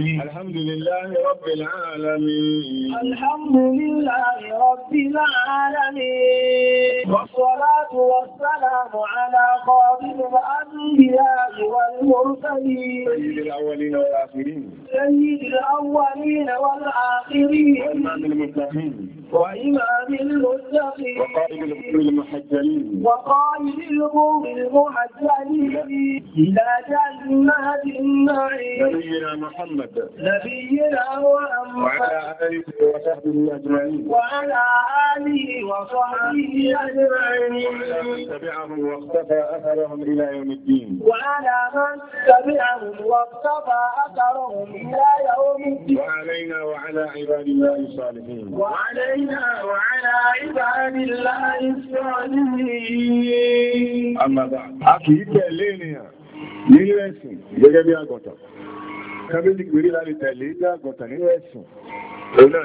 الحمد لله رب العالمين الحمد لله رب العالمين والصلاة والسلام على خاتم الأنبياء والمرسلين سيد الأولين والآخرين سيد الأولين والآخرين والإمام المتقين وإمام المتقين وقائد القوم المحجلين وقائد المحجلين إلى جنات النعيم نبينا محمد نبينا محمد وعلى آله وصحبه أجمعين وعلى آله وصحبه أجمعين وعلى من تبعهم واقتفى أثرهم إلى يوم الدين وعلى من تبعهم واقتفى أثرهم إلى يوم الدين وعلينا وعلى عباد الله الصالحين وعلينا علينا وعلى عباد الله الصالحين أما بعد أكيد لينيا nílé ẹ̀sìn gẹ́gẹ́ bí àgọ̀tàn kábílì pèrè láti tẹ̀lé jẹ́ àgọ̀tàn nílé ẹ̀sìn òun náà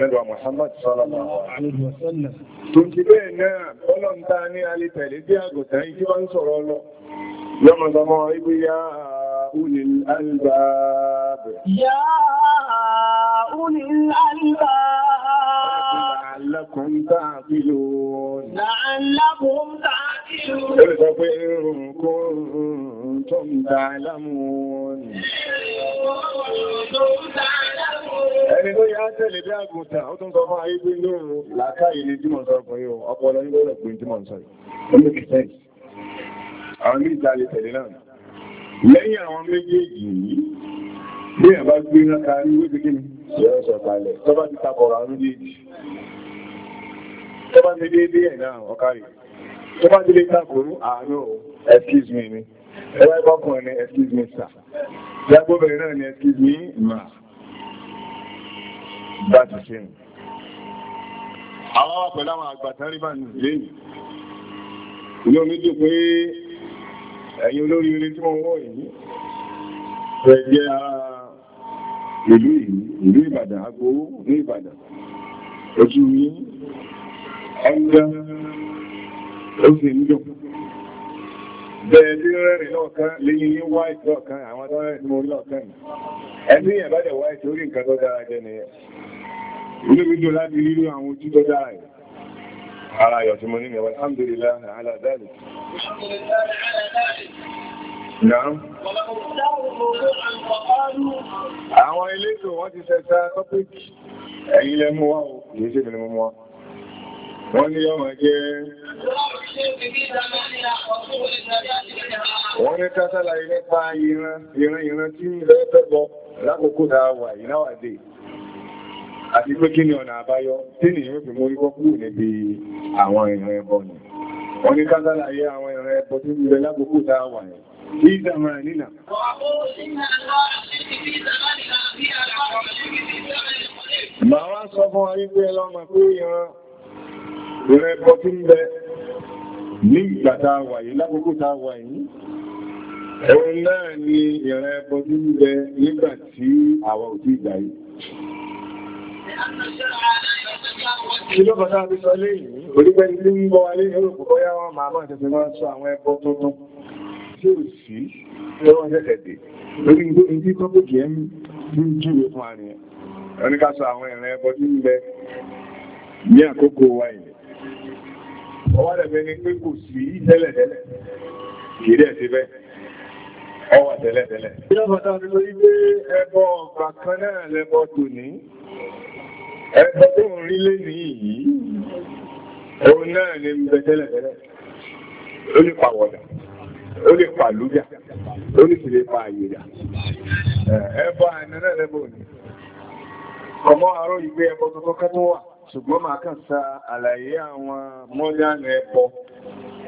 ni Muhammad sallallahu alaihi wasallam tó ti bẹ́ẹ̀ náà ọlọ́run ta ní alẹ́ tẹ̀lé jẹ́ àgọ̀tàn yìí tí ń sọ̀rọ̀ lọ yọmọ sọmọ ibi yáà أولي الألباب يا أولي الألباب لعلكم تعقلون لعلكم تعقلون إن كنتم تعلمون Ẹni tó yá tẹ́lẹ̀ bí àgùntà, ó tún sọ fún ayé gbé ní òun làkáyé ní tí mọ̀ sọ fún yóò, ọpọlọ ní lọ́rọ̀ pé tí mọ̀ sọ Àwọn ní ìjà lè tẹ̀lé náà lẹ́yìn àwọn méjèèjì yìí bí ẹ̀ bá gbé náà kárí wípé kí ni yóò sọ̀kalẹ̀ tó bá ti tapọ̀rọ̀ àwọn méjèèjì tó bá ti dédé ẹ̀ náà ọkàrí tó bá ti lé tapọ̀rọ̀ àánú excuse me ni ẹwà ìbọ́kùnrin ni excuse me sir lágbóbìnrin náà ni excuse me ma bá ti ṣe nù àwọn pẹ̀lú àwọn àgbàtàn ẹ̀yin olórí orí tí wọ́n wọ́ yìí rẹ̀ jẹ́ ara ìlú ìlú Ìbàdàn agbowó ní Ìbàdàn ojú ní ọjọ́ ó sì tí lọ́ọ̀kan ní white lọ́ọ̀kan àwọn tí mo rí lọ́ọ̀kan white orí nǹkan tó dára jẹ́ ilé láti àwọn ojú tó dára Àwọn elétò wọ́n ti ṣẹta tọ́pìkì ẹ̀yìn lẹ mú wá o, yìí ṣe bìnrin mú wá. Wọ́n ní ọmọ jẹ́ wọ́n ní tásálà ilé pa ìran ìran tí ilẹ̀ tẹ́gbọ́ lákòókò dáa wà ìnáwàdé. Àti pé kí ni ọ̀nà àbáyọ tí ni yóò fi mú rí kọ́kú níbi àwọn ìran ẹbọ ni. Wọ́n ní tásálà ilé àwọn ìran ẹbọ tí ilẹ̀ lákòókò dáa wà yìí. في زماننا ما وصفوا عيبه لما فيها ربطين به ní ìgbà tá a wà yìí lákòókò tá ni ìrẹ́ ẹbọ tí ń bẹ nígbà tí àwa ò tí ìgbà yìí kí ló bàtà àti sọ lẹ́yìn orígbẹ́ ilé ń bọ́ wálé ní òrùkú bọ́yá wọn màá máa tẹ̀sẹ̀ sọ àwọn ẹbọ tuntun tí ó sí ẹwọ́n ṣẹ̀ṣẹ̀dẹ̀ lórí ìdí kọ́pùkì ẹ̀ ń jíwe fún àríyàn oníkásọ àwọn ìrìn ẹbọ tí ń bẹ ní àkókò wa ilẹ̀ ọwọ́ dẹ̀bẹ̀ ni pé kò sí tẹ́lẹ̀tẹ́lẹ̀ kìí dẹ̀ sí bẹ́ẹ̀ ọwọ́ tẹ́lẹ̀tẹ́lẹ̀ tí ó fọ́ta ní lórí pé ẹbọ ọgbà kan náà lẹ́bọ tò ní ẹbọ tó ń rí lé ní yìí òun náà ni ń bẹ O le pa yà ó lè sì lè pa àyè yà ebe àìní ọmọ àárọ̀ ìgbé ẹbọ tuntun kan tó wà ṣùgbọ́n máa kàn sa àlàyé awọn mọ́lánà ẹbọ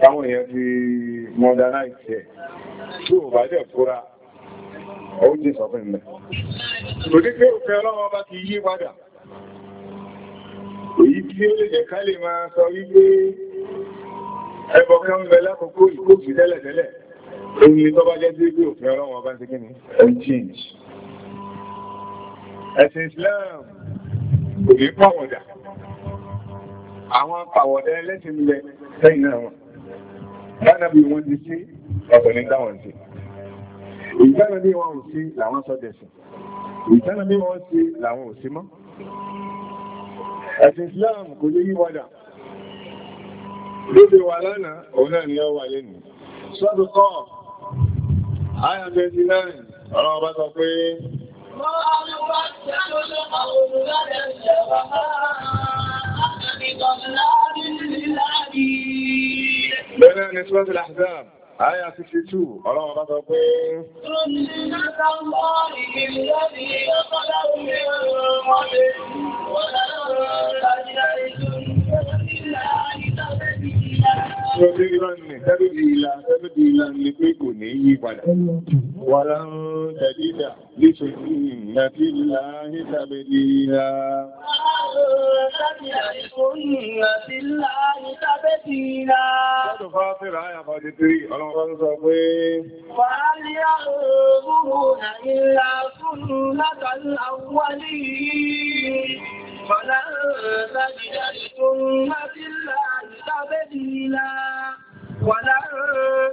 táwọn èèyàn fi mọ́dáná ìṣẹ́ ise. ò bá dẹ̀ sọ Èyí tó bá jẹ́ tí bí òfin ọlọ́run ọba ń ṣe kíni, ó change. Ẹ̀sìn Islam kò ní pàwọ̀dà. Àwọn pàwọ̀dà ẹlẹ́sìn ilẹ̀ sẹ́yìn náà wọn. Dáná bí wọ́n ti sí ọ̀tọ̀ ní dáwọn sí. Ìjánu bí wọ́n ò sí làwọn sọ dẹ̀sìn. Ìjánu bí wọ́n sí làwọn ò sí mọ́. Ẹ̀sìn Islam kò lè yí wọ́dà. Lóde wà lánàá, òun náà ni ó wà lẹ́nu. Sọ́dún kọ́ Àyà 29, ọ̀rọ̀ ọba sọ pé, Bẹ́rẹ̀ ni Sọ́tí Láhzab, Àyà 62, ọ̀rọ̀ ọba sọ pé, Wọ́n Ṣọ́dé ìrànlẹ̀ tẹ́lú ìlà tẹ́lú ìlànà pé kò ní yí padà. Wà láàrùn tẹ̀lídà lè ṣe ìrìnàtí ìlà ìtàbẹ̀ ìlà. Ṣọ́dọ̀ fásírà ayà fàájì tí ọlọ́run sọ pé. Wà á lè àrùn ولن تجد لسنة الله تبديلا ولن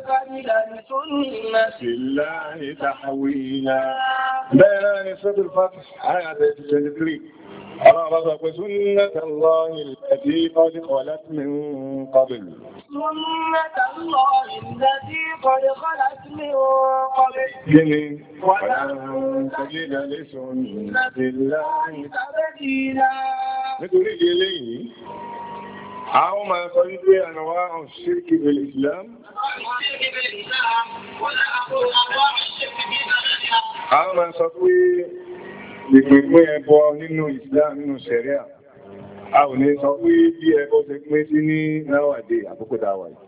تجد لسنة الله تحويلا بيان سورة الفتح آية 23 رغب سنة الله التي قد خلت من قبل سنة الله التي قد خلت من قبل ولن تجد لسنة الله تبديلا nítorí eléyìí a ó máa sọ wípé ànàwà ṣírkì bèèrè islam a ó máa sọ pé Ìpè pín ẹbọ nínú ìsìlá nínú ṣẹ̀ríà. A ò ní sọ pé bí ẹbọ ṣe pín sí ní náwàdé àkókò dáwà yìí.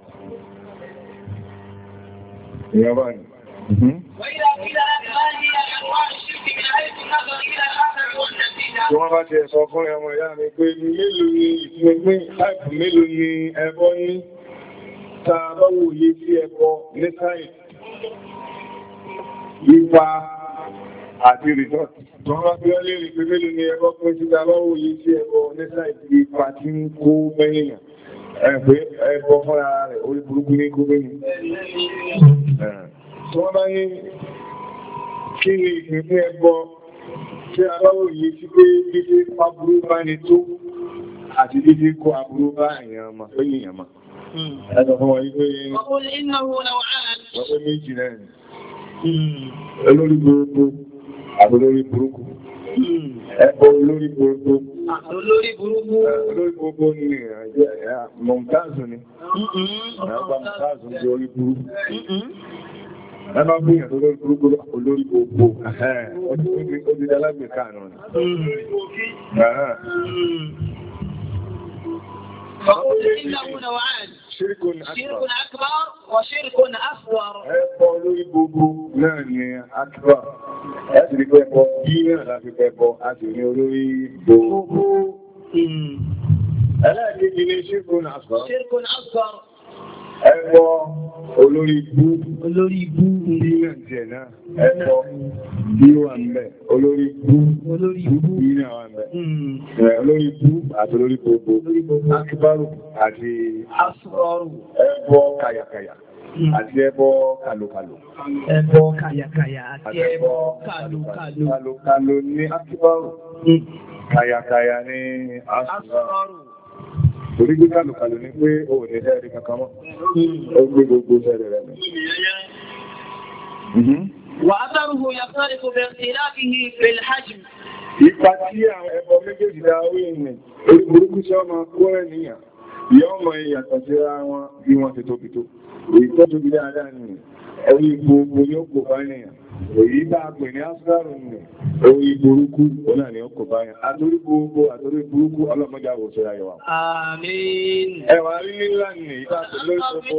Ìyàn bá ní. Mhm. Tí wọ́n bá ti ẹ̀sọ fún ẹmọ ìyá mi pé mélòó ni ìpínpín láìpù mélòó ni ẹbọ ní tàbáwò yé sí ẹbọ ní sáìtì. Ipa àti rìsọ́tì. Wọ́n wá bí wọ́n lè rí pé mélòó ni ẹbọ pín sí lọ́wọ́ òye sí ẹbọ nígbà ìdí ipa tí ń kó mẹ́yìnà. Ẹ̀pẹ́ ẹbọ fúnra rẹ̀ orí burúkú ní kó mẹ́yìn. Wọ́n bá ní kí ni ìpínlẹ̀ ẹbọ tí aláwọ̀ yìí sí pé dídé aburú bá ní tó àti dídé kó aburú bá èèyàn mà tó yìnyàn mà. Ẹ̀dọ̀ fún wọn yí pé ọkùnrin náà wọ́n náà wà Wọ́n pé méjì náà ni. gbogbo hmm àbúlórí burúkú ẹ̀kọ́ olórí gbogbo olórí burúkú olórí gbogbo ní ìrìnàjẹ́ mọ̀mtáàzù ni ẹ̀kọ́ mọ̀mtáàzù ní orí burúkú ẹ̀bá bí ìyàn olórí burúkú olórí gbogbo ọdún alágbèká náà ni ṣírkùn akbar wà ṣírkùn asghar. Ẹbọ lórí gbogbo náà ni akbar. Láti rí pẹ́bọ bí náà láti olórí ibú olórí ibú nínà jẹ̀nà ẹ̀kọ́ bí wà ń bẹ̀ olórí ibú olórí ibú nínà wà ń bẹ̀ hmm. olórí ibú àti olórí gbogbo akíbárù àti asúrọ̀rù ẹ̀kọ́ kàyàkàyà hmm. àti ẹbọ kàlòkàlò. Ẹbọ kàyàkàyà àti ẹbọ kàlòkàlò. Kàlòkàlò ní akíbárù, hmm. kàyàkàyà ní asúrọ̀rù torí gbígbà lùkàlù ní pé o ò lè dẹ́rí kankan mọ́ ó gbé gbogbo sẹ́rẹ̀ rẹ̀ mọ́ wà á tàrùhù yàtàrí kò bẹ̀rẹ̀ ìlàfihì pẹ̀lhájì ipa tí àwọn ẹbọ méjèèjì dá orí ìrìn orí burúkú sí ọmọ kó ẹniyàn yọ́ mọ̀ ìyàtọ̀ sí ra wọn bí wọ́n ti tóbi tó èyí tó tóbi dáadáa nìyàn ẹ̀rí gbogbo yóò kò bá nìyàn oyi bá pè ní asúrárùn rẹ̀ orí burúkú ọ̀nà ni ọkọ̀ báyìí àtórí burúkú àtórí burúkú ọlọ́mọdé àwòṣẹ́ ayọ̀wà. ẹwà ni ìbá pẹ̀lú ìṣòfò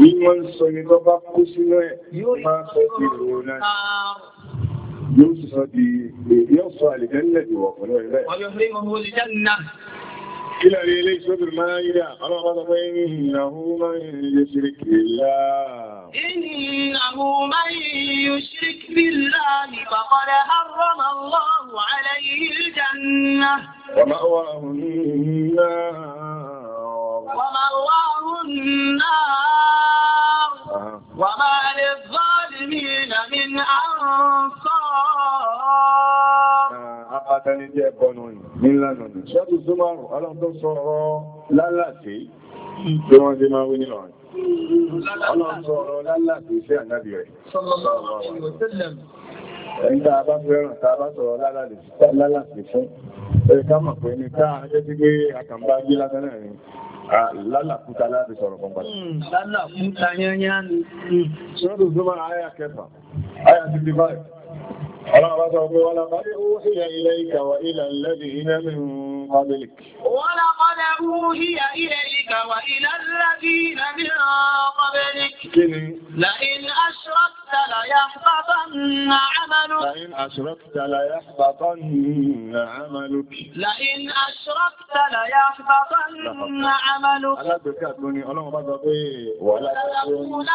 ní wọ́n ń sọ ní bọ́bá kú sínú ẹ̀ máa sọ sí ìròyìn náà yóò sọ di yóò sọ àlìjẹ́ ńlẹ̀ jùwọ̀ pẹ̀lú ẹ̀rẹ́. إلى إليه سورة المائدة على غضب إنه من يشرك بالله إنه من يشرك بالله فقد حرم الله عليه الجنة ومأواه النار ومأواه النار وما للظالمين من أنصار Àpàtàní jẹ́ ẹ̀kọ́nù ìlànà ní ṣọ́tù súnmọ́rù aláàtọ́ sọ̀rọ̀ lálàtí tí wọ́n ti máa wí ní ọ̀rìn. Aláàtọ́ sọ̀rọ̀ lálàtí sí ànábì rẹ̀. Ẹgbẹ́ àbá fẹ́ràn tàbá fún ẹ̀ká pé ní káà jẹ́ sí pé àkàmbá gbé látẹ́lẹ̀ rẹ̀. Ah, lálàkúta láti sọ̀rọ̀ kan padà. Hmm, lálàkúta yányá ni. Ṣọ́dún Zuma, Aya kẹfà, Aya 55. Ọlọ́run sọ pé wọ́n lápàdé òhìyà ilẹ̀ ìkà wà ilẹ̀ lẹ́dì iná min qablika. Wọ́n lápàdé òhìyà ilẹ̀ ìkà wà ilẹ̀ lẹ́dì iná min qablika. Kí ni? La'in ashrakta la yahbatanna 'amaluka. La'in ashrakta la yahbatanna 'amaluka. La'in ashrakta la yahbatanna 'amaluka. Alágbèká tó ni Ọlọ́run bá sọ pé wọ́n lápàdé òhìyà ilẹ̀ ìkà wà ilẹ̀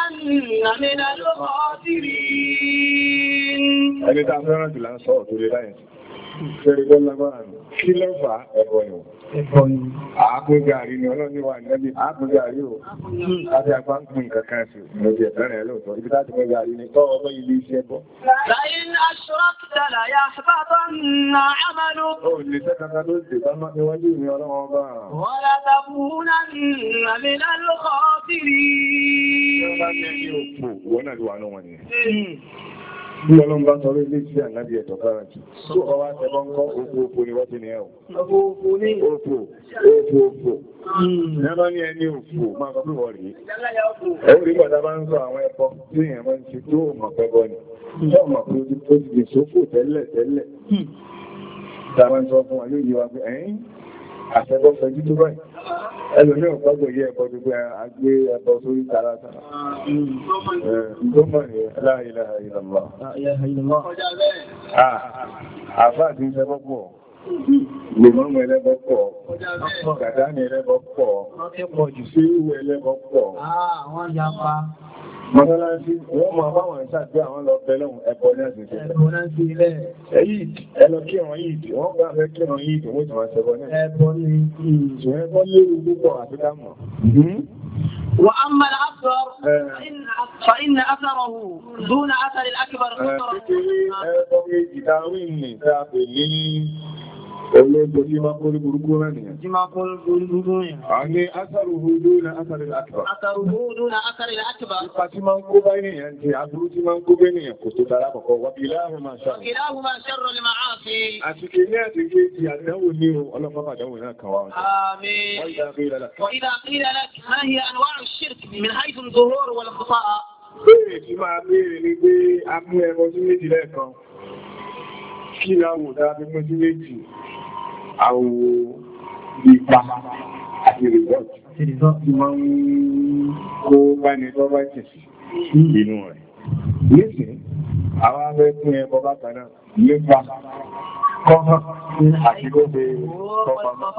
lẹ́dì iná min qablika ẹni tá fẹ́ràn jù láń sọ́ọ̀ tó lè láyìn fẹ́rẹ̀ tó lágbára nù kí ló fà ẹ̀bọ̀ ni àápò gàrí ni ọlọ́ni wà níbi àápò gàrí o láti apá ń pín kankan sí ní oṣù ẹ̀fẹ́rẹ̀ ẹ̀ lóòótọ́ ibi láti pẹ́ gàrí ni tọ́ ọmọ ilé iṣẹ́ bọ́. láyín aṣọ́kìtà làyà àbábọ́ nà ámàlú. ó lè tẹ́ kankan tó dé bámá níwájú mi ọlọ́wọ́n bá. wọ́n látàkùnà nàmì lálùkọ́ Bí ọlọ́run bá sọ̀rọ̀ ilé tí ànábì ẹ̀tọ̀ fẹ́ràn jù. Tó ọwá ẹbọ ń kọ́ òpó òpó ni wọ́n ti ní ẹ̀wọ̀. Òpó òpó òpó. Ẹbọ́ ní ẹni òpó máa sọ pé wọ́n rí. Ó rí bàtà bá ń sọ àwọn ẹbọ tí èèyàn máa ń ṣe tó mọ̀ pẹ́bọ ni. Tó mọ̀ pé ó ti tó ti dè sófò tẹ́lẹ̀ tẹ́lẹ̀. Hmm. Tàbá ń fún wa yóò yí pé ẹ̀yìn àfẹ́bọ́ tó báyìí ẹlòmí ọ̀pọ̀gbọ̀ yẹ ẹ̀kọ́ gbogbo agbé ẹ̀kọ́ sórí tààràtà ìgbọ́mọ̀ ni láàrín láàrín lọ́wọ́ àfáà tí ń sẹ́gbọ́gbọ̀ Gbogbo ẹlẹ́bọ̀ pọ̀, kàdánì ẹlẹ́bọ̀ pọ̀, ṣíwú ẹlẹ́bọ̀ pọ̀. Àwọn yapa. Mọ́sálásí, wọ́n máa báwọn ìṣàdé àwọn lọ bẹ́lọ́hun ẹbọ ní àṣìṣẹ́. Ẹbọ náà sí ilẹ̀. Ẹyìd, ẹlọ kírun yìd, wọ́n gbá fẹ́ kírun yìd, wọ́n ti وأما الأصغر فإن أثره دون أثر الأكبر خطرا. Olóògbò ní máa kórí burúkú rẹ̀ nìyàn. Jí máa kórí burúkú yẹn. A ní asàrùhúdú na asàrì àkìbà. Asàrùhúdú na asàrì àkìbà. Ipa tí máa ń kó bá ènìyàn ti aburú tí máa ń kó bá ènìyàn kò tó tara kọ̀kọ́. Wàkìláhùn máa ṣàrù. وإذا قيل لك ما هي أنواع الشرك من حيث الظهور والخطأ؟ Béèrè tí máa béèrè ní pé a mú ẹmọ sí méjì lẹ́ẹ̀kan. Kí láwọn òdá bí mú sí méjì? àwọn ipa àti rìsọ́ọ̀tì wọ́n kó báni tó bá tẹ̀sí inú rẹ̀. Lẹ́sìn, àwọn abẹ́ fún ẹbọ bákan náà nípa kọ́nà àti gbogbo kọpamọ́.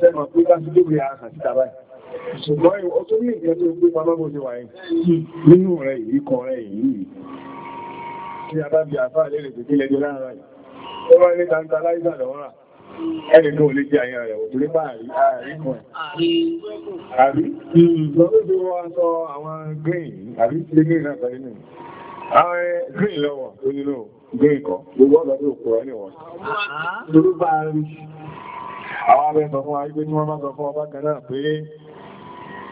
Sẹ́mọ̀ pé bá sí gbogbo àhà sí tàbá ṣùgbọ́n ó tó ní ìgbẹ́ tó gbé pamọ́ bó ṣe wà yìí nínú rẹ̀ yìí kọ rẹ̀ yìí tí a bá bí àfáà lérè pé kí lẹ́jọ́ láàárọ̀ ó wá ní tantalizer lọ́wọ́rà ẹni tó lè jẹ́ àyàn rẹ̀ òtúrí bá rí àríkùn ẹ̀. àbí àwọn green àbí green náà sọ nínú àwọn eh, green lọ́wọ́ tó nínú green kọ gbogbo ọ̀dọ̀ tó kúrọ níwọ̀n torí bá rí àwọn abẹ́ sọ fún wa wípé ní wọ́n bá sọ fún ọba kan náà pé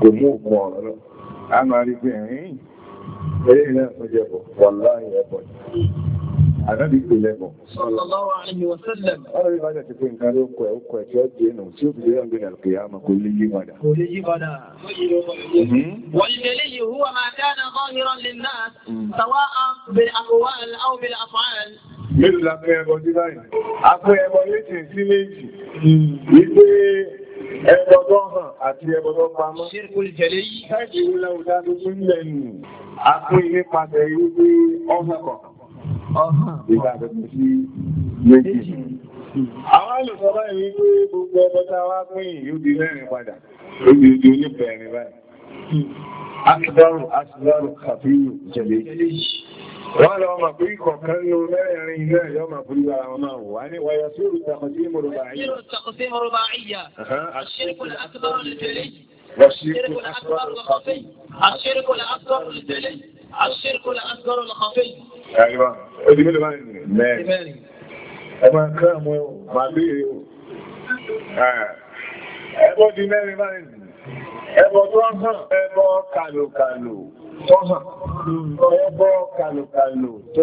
kò mú òkun ọ̀rọ̀ lọ a máa rí pé ẹ̀yìn eré iná tó jẹ bọ̀ wà láàrin ẹ̀bọ̀ àdábì pè lẹ́bọ̀ sallallahu alaihi wa sallam ọ̀rọ̀ rí bájá ti pé tí ó jẹ́ nù yìí hùwà للناس سواء بالأقوال أو بالأفعال mélòó la fẹ́ ẹbọ sí báyìí a sí méjì mm. wípé Ẹgbọ́dọ́ Àwọn olùsọ báyìí gbogbo ọmọ tá pín yìí ó di mẹ́rin padà. Ó di ojú oníbẹ̀rin báyìí. Hmm. Akíbárò, Aṣíbárò, Kàfíyù, ìjẹ̀lẹ̀ yìí. Wọ́n lọ ma fi kọ̀kan ló mẹ́rin náà yọ ma fi ara wọn máa wà ní wáyé sí ìrùtàkọ̀sí mọ̀rùbáyíyà. Àṣírìkò l'ákùbárò lè tẹ̀lé. Àṣírìkò l'ákùbárò lè tẹ̀lé. Àṣírìkò l'ákùbárò lè tẹ̀lé. Àṣírìkò l'ákùbárò lè tẹ̀lé. Àríwá, ó di mẹ́rin. báyìí. Ẹbọ tó ń hàn ẹbọ kàlòkàlò tó hàn ọwọ́ bọ́ kalùkalù tó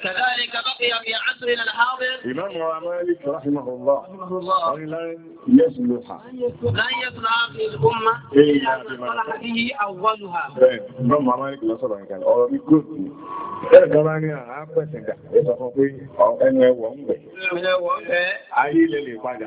كذلك بقي في عصرنا الحاضر إمام مالك رحمه الله رحمه الله لن يصلح لن يصلح في الأمة إلا من صلح به أولها إمام مالك لا صلح كان أو بيكون Ẹ̀rẹ̀ kan bá ní àápẹ̀sẹ̀dà, ẹ̀sọ̀ fún pé ẹnu ẹwọ̀ ń bẹ̀. Ayé lè lè padà.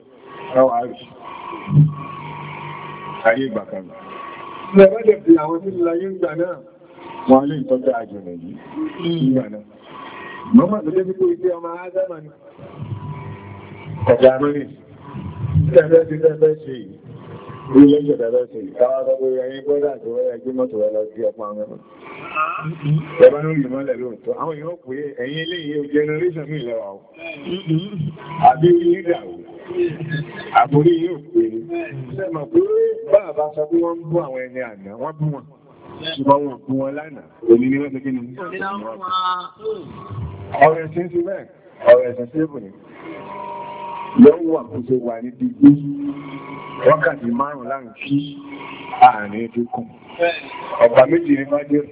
Àwọn àìṣì. Ayé ìgbà kan. Lẹ́gbẹ́dẹ̀ fi àwọn tí láyé ń gbà náà wọ́n lè tọ́jú àjẹ̀rẹ̀ yìí. Hmm. Ìgbà náà. Mọ́mà tó lé pípò ilé ọmọ Ádámà ni. Ọ̀gá mẹ́rin. Tẹ́lẹ̀ ti tẹ́lẹ̀ ṣe yìí. Orí lẹ́jọ̀ tẹ́lẹ̀ ṣe yìí. Káwà sọ pé ẹyẹ gbọ́dà tó wáyé gbé mọ́tò wá lọ àbórí yóò pè é sẹ́mọ̀ pé báàbá sọ pé wọ́n ń bú àwọn ẹni àná wọ́n bú wọn ṣùgbọ́n wọn bú wọn lánàá òní ni wọ́n ti kí ni ọ̀rẹ́ sí sí bẹ́ẹ̀ ọ̀rẹ́ sí sí bù ní lọ́wọ́ àkóso wà ní dígbé wákàtí márùn-ún láàrín kí àárín tó kùn ọ̀pá méjì ní fájẹ́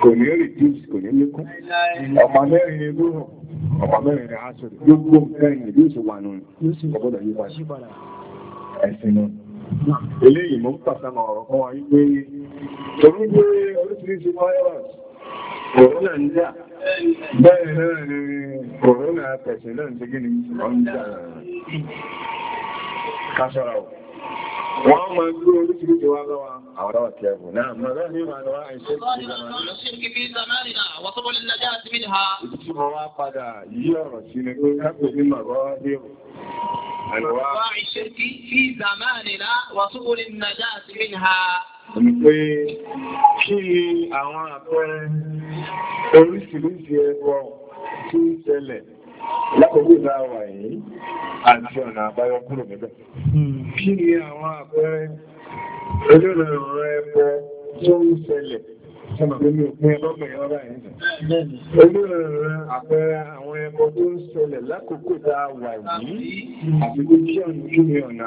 kò ní rí tíìsì kò ní lékún ọ̀pá mẹ́rin ní gbóhùn ọ̀pọ̀ gbogbo nǹkan ìyẹn yóò ṣe wà nù ọgbọ́dọ̀ yí padà ẹ̀sìn náà eléyìí mọ́ pàtàkì ọ̀rọ̀ kan wà wípé torí pé oríṣiríṣi virus corona ń jà bẹ́ẹ̀ náà ni corona pẹ̀sẹ̀ náà ń ṣe gíní ọ̀njà kásọ̀rọ̀ wọ́n máa gbé oríṣiríṣi wá lọ́wọ́ àwọn ọ̀rọ̀ ti ẹ̀bùn náà mọ̀ lọ́nà ní ìrànlọ́wọ́ àìṣẹ́ ìtìlẹ̀ mọ̀ wá padà yí ọ̀rọ̀ sí ni pé kápẹ̀ ní màbọ́ ẹ̀rù àlọ́wọ́ àìṣẹ́ pé kí àwọn àpẹẹrẹ oríṣiríṣi ẹgbọ́ tí ń ṣẹlẹ̀ lákòókò láwà yìí àti ọ̀nà àbáyọ kúrò níbẹ̀. kí ni àwọn àpẹẹrẹ olóòrò ọ̀rọ̀ ẹbọ tó ń ṣẹlẹ̀ Olóòrò àpẹẹrẹ àwọn ẹbọ tó ń ṣẹlẹ̀ lákòókò tá a wà yìí àti kí ọ̀nà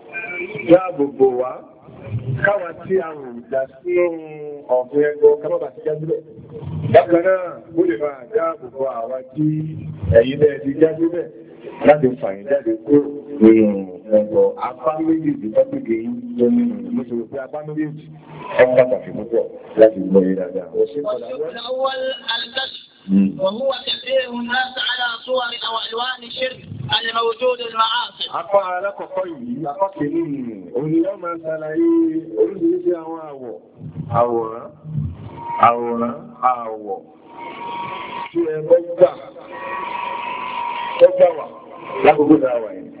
dáàbò bò wá káwa tí a rùn jà sí ọ̀fẹ́ ẹgbẹ́ kábàbà ti jájúbẹ̀. Bákan náà, ó lè máa dáàbò bò àwa tí ẹ̀yin náà ti jájúbẹ̀ láti fàyín jáde kúrò nínú ẹ̀rọ apá méjèèjì tọ́pìkì yìí tó ní ìmúṣòro pé apá méjèèjì pàtàkì púpọ̀ láti gbọ́ yìí dáadáa. Ó ṣe ń padà Hmm. وهو تكبير الناس على صور أو ألوان الشرك الموجود المعاصي. apá alákọ̀ọ́kọ́ yìí apá kìíní nù òní yóò máa ṣàlàyé oríṣiríṣi àwọn àwọ̀ àwòrán àwòrán àwọ̀ tí ẹ bọ́ gbà tó gbà wà lákòókò tá yìí.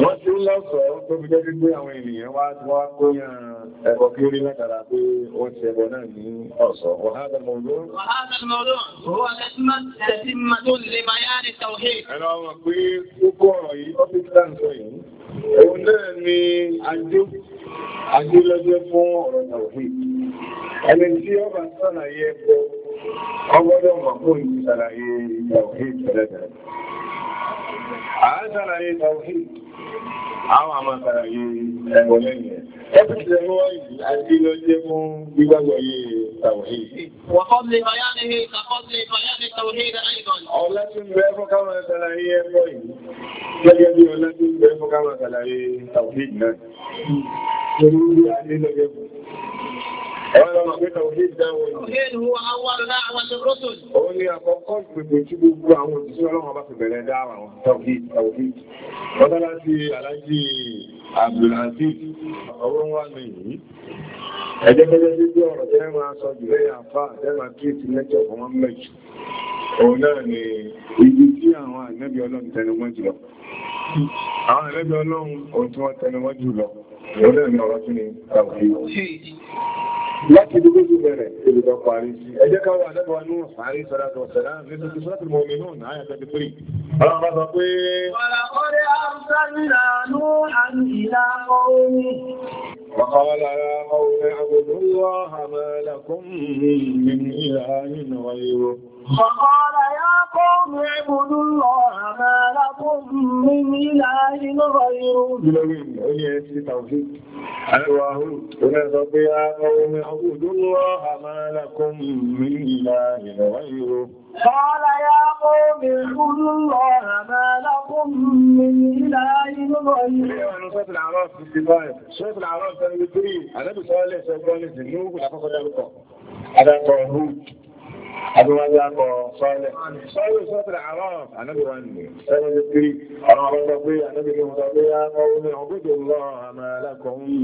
Wọ́n tí ó lọ́sọ̀ọ́ tó fi jẹ́ gbígbé àwọn ènìyàn wá tí wọ́n kó yàn ẹ̀kọ́ kí ó rí látara pé ó ti ẹ̀bọ̀ náà ní ọ̀sọ̀. Ẹni tí ọ bá sàlàyé ẹgbẹ́, ọgbọ́dọ̀ mọ̀ fún ìsàlàyé Tàwí tẹ́lẹ̀tẹ̀lẹ̀. À ń sàlàyé Tàwí àwọn àmàkàrà yìí ẹ̀wọ̀n lẹ́yìn ẹ̀. Ẹ̀pẹ̀sẹ̀ wọ́n yìí àti lọ jẹ́ mú gbígbàgbọ́ yìí tàwọn yìí. Wọ̀kọ́lẹ̀ bayáni ní ìtàkọ́lẹ̀ bayáni tàwọn yìí rẹ̀ àìdọ̀. Ọlá tí ń bẹ fún yìí ẹ̀mọ́ yìí. ọlá tí ń bẹ fún káwọn ẹ̀sàlà Ọlọ́run pé Tàwíd dáwọn ìlú. Ó ní àkọ́kọ́ ìpèpè tí gbogbo àwọn òṣìṣẹ́ ọlọ́run bá fi bẹ̀rẹ̀ dáwọn Tàwíd. Ọdá láti Alájí Abdulaziz, ọwọ́ wà ní yìí. Ẹjẹ́gẹ́jẹ́ tí bí ọ̀rọ̀ tẹ́ máa sọ jù lẹ́yìn àfá tẹ́ máa kí ti lẹ́tọ̀ fún wọn mẹ́jù. Òun náà ni ibi tí àwọn àìmẹ́bí ọlọ́run tẹnumọ́ jùlọ. Àwọn àìmẹ́bí ọlọ́run òun tí wọ́n tẹnumọ́ jùlọ. Òun náà ni ọ̀rọ̀ tí ni Tàwíd láti ibi gbogbo bẹ̀rẹ̀ olùdó parí sí ẹjẹ́ káwọ́ àdẹ́bọ̀ ní àárí sọ́dọ̀tọ̀ ọ̀sẹ̀dá nínú ti sọ́dọ̀tọ̀ mọ̀mínú náà yàtọ̀ ti ọlọ́run bá sọ pé وقال يا قوم اعبدوا الله ما لكم من إله غيره وقال يا قوم اعبدوا الله ما لكم من إله غيره بلوين أنيسي توفيق الواهو ونزق يا قوم اعبدوا الله ما لكم من إله غيره قال يا قوم اعبدوا الله ما لكم من إله غيره سورة الأعراف في البداية سورة الأعراف كان يدري النبي صلى الله عليه وسلم نوح لقد دارك هذا هود Adúwá ní akọ̀ sọ́ọ̀lẹ̀. Sọ́ọ̀lẹ̀ sọ́ọ̀tẹ̀lẹ̀ àárọ̀ ànábì wa ní ẹni ní kiri. Àwọn ọmọ ọgbẹ́ pé ànábì ní ọjọ́ pé á kọ́ ní ọgbẹ́dẹ̀ lọ́ọ̀ àmàlà kan ní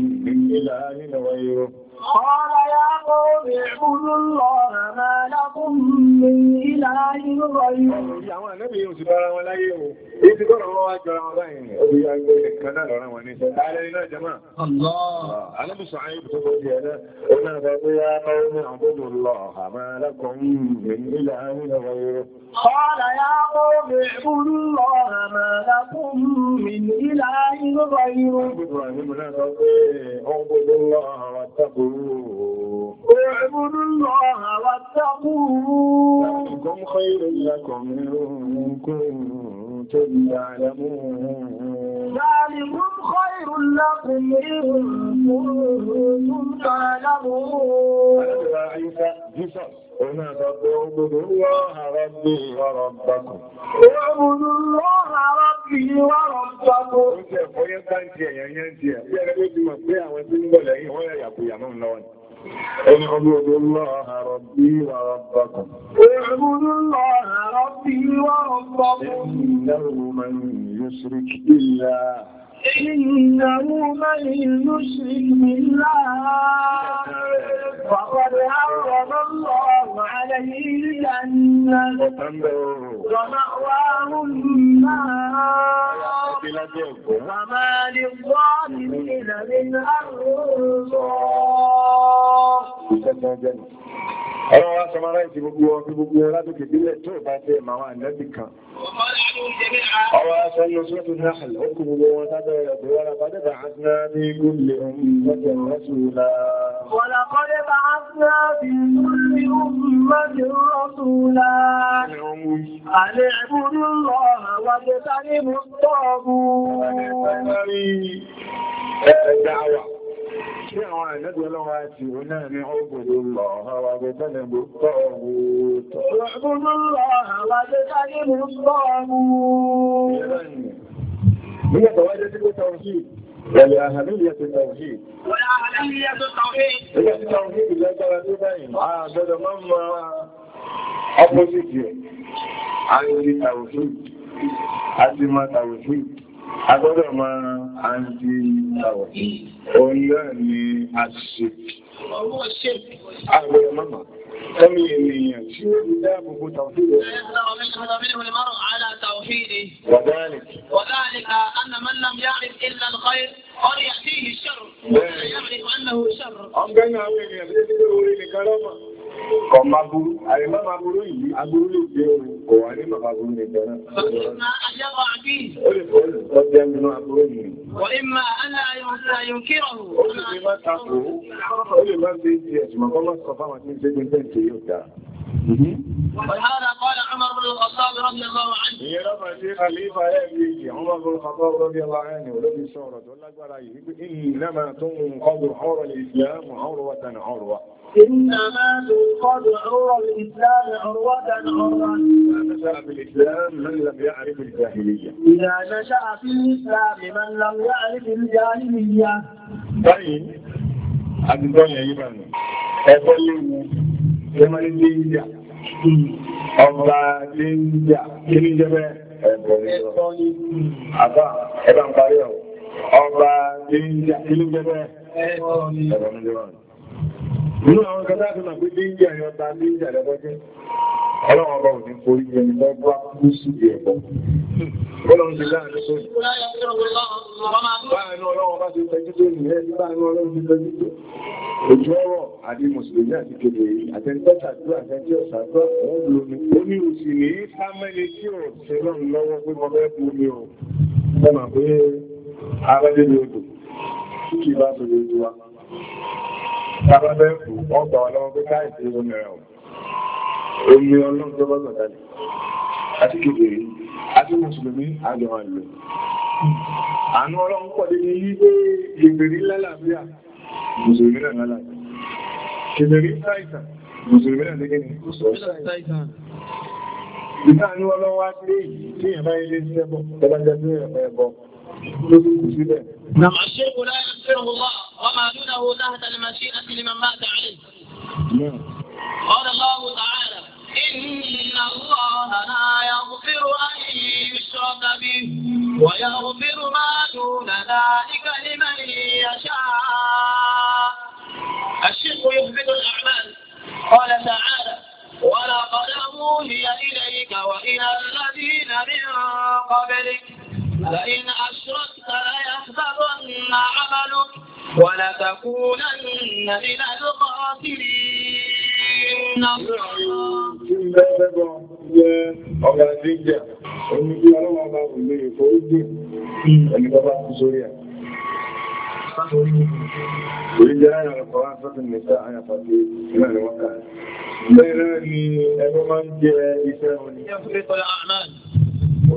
ìlà nínú ọ̀yọ́. قال يا قوم اعبدوا الله ما لكم من إله غيره àwọn àlẹ́bí yóò ti bára wọn láyé o èyí tí ya gbé ẹ̀kan náà lọ́rọ̀ wọn ní ààrẹ iná jẹmọ́ alẹ́bùsọ̀ قال يا قوم اعبدوا الله ما لكم من إله غيره اعبدوا الله واتقوه ذلكم خير لكم إن كنتم تعلمون bàbá Isa Jesus òun náà sọ pé ó gbogbo lọ́ha rọ́bì wọ́rọ̀ bákùn. Ìwọ̀n lọ́ha rọ́bì wọ́rọ̀ bákùn. Ó jẹ́ ìfọ́yẹ́ báńkì ẹ̀yàn yẹn ti ẹ̀. Bí ẹgbẹ́ tó ti mọ̀ pé àwọn tí ń bọ̀ lẹ́yìn wọ́n yà yàkùyà náà lọ́wọ́ ni. إن اعبدوا الله ربي وربكم اعبدوا الله ربي وربكم إنه من يشرك بالله إنه من يشرك بالله فقد حرم الله عليه الجنة ومأواه النار وما للظالمين من أنصار ọ̀rọ̀ wa sọmọ́rá ìtì gbogbo ọdún gbogbo ọlátòkè bílẹ̀ tó bá tẹ́ màwọn ànẹ́bì kan ọwọ́ aṣọ ní oṣù tó náà ó kò gbogbo wọn tábẹ̀ rẹ̀ tó wà tẹ́ta ní mú tọ́ọ̀bù tí àwọn àìlẹ́gbẹ̀ ọlọ́wà ti wọ́n náà ní ọgbọ̀dọ̀ lọ àwọn agbẹ̀tẹ́lẹ̀ bó tọ́ ọ̀wọ̀ والأهمية التوحيد والأهمية التوحيد التوحيد لا تردين عبد مما أبو ذكر عن التوحيد عن ما توحيد agbọ́dọ̀ máa àti àwọ̀ ọ̀lá ni a ṣe àwọ̀ mọ́mà tọ́mí ènìyàn tí ó rí dáàbòbò tàwílẹ̀ وذلك وذلك أن من لم يعرف إلا الخير قد يأتيه الشر ويعرف أنه شر أم كان أولي يبدأ Kọ̀mà burú, àrẹ̀mọ́ máa burú yìí, agbúrú lè jẹ́ ohun kò wà ní màmá burú ní ìjọ náà. Ó lè fọ́ ìsọ́jẹ́ nínú agbúrú yìí. Ó lè má tako, ó lè má gbé ìdí ẹ̀sùn mọ́kọ́ má sọ fáwọn tí ń ṣe gbé tẹ́ǹtì yóò dáa. ولهذا قال عمر بن الخطاب رضي الله عنه يا رب خليفة يبي عمر بن الخطاب رضي الله عنه الذي شهرت ولا قرأ إنما تنقض عور الإسلام عروة عروة إنما قد عرى الإسلام عروة عرى من لم يعرف الجاهلية إذا نشأ في الإسلام من لم يعرف الجاهلية طيب àdìgbọ́ yẹn yí bàánù ẹ̀kọ́ léwu ẹmọ́lé ní ìjà ọba ní ìjà kí ní jẹ́bẹ́ ẹ̀bọ̀ ní àbá ẹ̀bá ń parí ọ̀ ọba ní ìjà kí ní jẹ́bẹ́ ẹ̀bọ̀ ní jẹ́bẹ́ Nínú àwọn kan láti máa pé déyí àyọta ní ìjàdẹ́gbọ́jẹ́, ọlọ́run ọba ò ní forí ẹni tó bá kú sí ẹ̀kọ́. Ọlọ́run ti láàrin tó ní. Báàrin ọlọ́run bá ti tẹ́jú tó ní ẹni báàrin ọlọ́run ti tẹ́jú tó. Ojú ọ̀rọ̀ àti Mùsùlùmí àti kèdè àtẹnitọ́sàdúrà àtẹnití ọ̀sàdúrà wọ́n lò ní. Ó ní òsì ní sámẹ́lì tí ò ṣe lọ́run lọ́wọ́ pé mo fẹ́ fún mi o. Mo mà pé arẹ́lẹ́lẹ́ odò, kí bá sọ lójú wa. Sábábẹ́kù, wọ́n gbà ọlọ́wọ́ pé káìsí omi rẹ̀ omi ọlọ́run tó bọ́gbọ̀n dalẹ̀ àti kékeré àti mùsùlùmí àjọ àlò àánú ọlọ́run pọ̀ dé ní ilé ìgbèrí lálàáfíà mùsùlùmí náà lálàáfíà kékeré sáìsàn mùsùlùmí náà lẹ́gẹ́ ní ìsọ̀ọ́sáìsàn ìta àánú ọlọ́run wá sí èyí tí èèyàn bá ilé iṣẹ́ bọ́ tọ́bá jẹ́ sí ẹ̀kọ́ ẹ̀kọ́ lórí kù síbẹ̀ وما دونه تحت المشيئة لمن مات عليه نعم. قال الله تعالى إن الله لا يغفر أن يشرك به ويغفر ما دون ذلك لمن يشاء الشرك يثبت الأعمال قال تعالى ولا قدم هي إليك وإلى الذين من قبلك لئن أشركت ليحبطن عملك ولتكونن من الخاسرين Ọ̀gá tí ń jẹ́, omi tí ọlọ́wọ́ bá wù lè fò ó jẹ́, ẹni bàbá kú sórí ẹ̀. Orí jẹ́ láyé ọ̀pọ̀ wá sọ́tún nìta àyàfàtí ìrìnlẹ̀ wákàtí. Bẹ́ẹ̀ náà ni ẹgbẹ́ máa ń jẹ iṣẹ́ òní.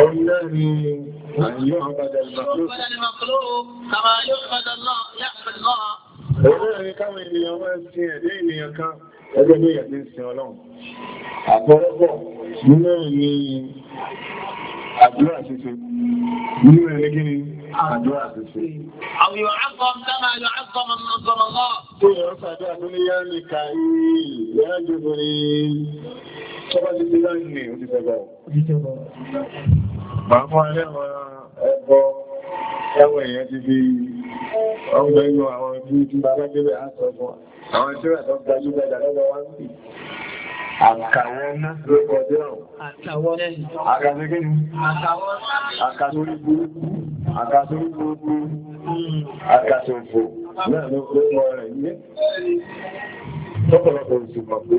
Ọlọ́rin àyíyọ́ àbádà ìgbàlódé. Ọlọ́rin káwọn ènìyàn máa ń sin ẹ̀dẹ́ ènìyàn kan ẹgbẹ́ ní ẹ̀dẹ́ ìsìn ọlọ́run. Àpọ̀lọpọ̀ nínú ni àdúrà ṣíṣe. Nínú ẹni gíní àdúrà ṣíṣe. Àwìyàn àkọ́m tánà yọ àkọ́m ọmọ ọmọ Tí ìyọ́ sàdúrà tó ní yá ní kàí, yá jẹ́ Bàbá ẹlẹ́wọ̀n ẹgbọ ẹwọ̀ èèyàn ti fi ọgbẹ̀ inú àwọn ibi tí bàbá jẹ́bẹ̀ àtọ̀gbọ̀. Àwọn tí rẹ̀ tó gbajúgbajà lọ́wọ́ wá ń bì. Àkàwọ̀ náà ló kọjọ́ ọ̀rọ̀. Àkàwọ̀ náà. Àkàwọ̀ náà. Àkàsórí burúkú. Àkàsórí burúkú. Àkàsòfò náà ló kọ́ ọ̀rọ̀ yìí. Tọ́pọ̀lọpọ̀ òṣùpọ̀ pé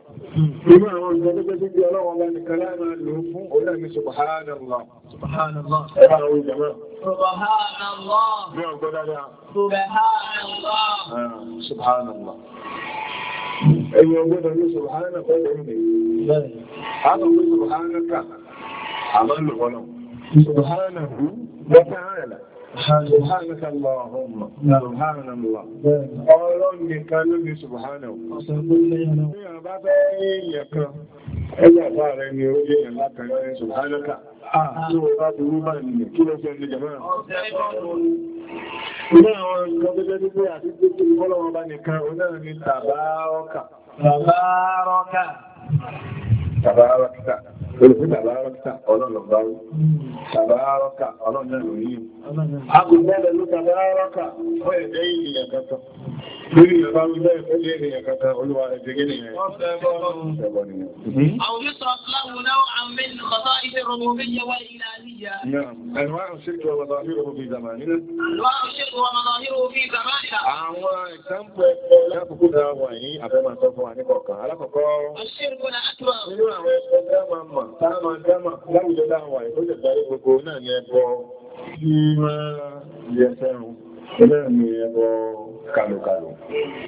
Inú àwọn ìjọdọ́gbẹ́ tí bí ọlọ́wọ́ bá nìkan láàrín àlò fún orílẹ̀ ní Subhanallah. Subhanallah. Ẹgbà àwọn ìjọba. Subhanallah. Bí ọgbọ́ dáadáa. Subhanallah. Ah, Subhanallah. Ẹni ọgbọ́dọ̀ ní Subhanallah pẹ̀lú ẹ̀mí. A lọ pé Subhanallah. Àmọ́ lò wọ́n náà. Hmm. Subhanallah. Subhanaka Allahumma. Subhanallah. Ọlọ́run nìkan ló ní Subhanahu. Ní àbá bẹ́ èèyàn kan, ẹgbẹ́ àbá rẹ̀ ni ó yẹ ìyàn lákàrẹ ní Subhanaka. Ah, tí ó bá burú bá nìyàn kí ló fẹ́ ní jàmáà. Ní àwọn ìgbẹ́gbẹ́ gbígbé àti gbígbé ìbọ́lọ́wọ́ bá nìkan, ó náà ní Tàbárọ́kà. Tàbárọ́kà. Tàbárọ́kà. Olùfún tàbárọ́kà ọlọ́lọ́gbárú. Tàbárọ́kà ọlọ́lọ́gbárú. Agùnmẹ́lẹ̀ ló tàbárọ́kà fún ẹ̀dẹ́ ìyẹ̀kẹ́tọ̀. Lórí ìyàbá ń bẹ́ẹ̀ fẹ́ lé olúwa ẹgbẹ̀gẹ́ ni ẹ̀. Hmm? Àwọn yóò sọ láwùnáwà àmì ìkọ̀tọ́ ìfẹ́ rọ̀mọ̀bí yẹwà ìlàníyà. Ẹ̀wọ́n òṣèlú ọmọdọ̀ yóò fi zàmànínà. Àwọn ìtàmpẹ̀ lápùpù dáwà yìí àfẹ́mà sọ fún wa ní kọ̀ọ̀kan. Alákọ̀ọ́kọ́, nínú àwọn ẹ̀kọ́ dáwà mà, táàmà dáwà láwùjọ dáwà ìkọ́jẹ̀ gbáyé Ẹlẹ́ ni ẹbọ kàlùkàlù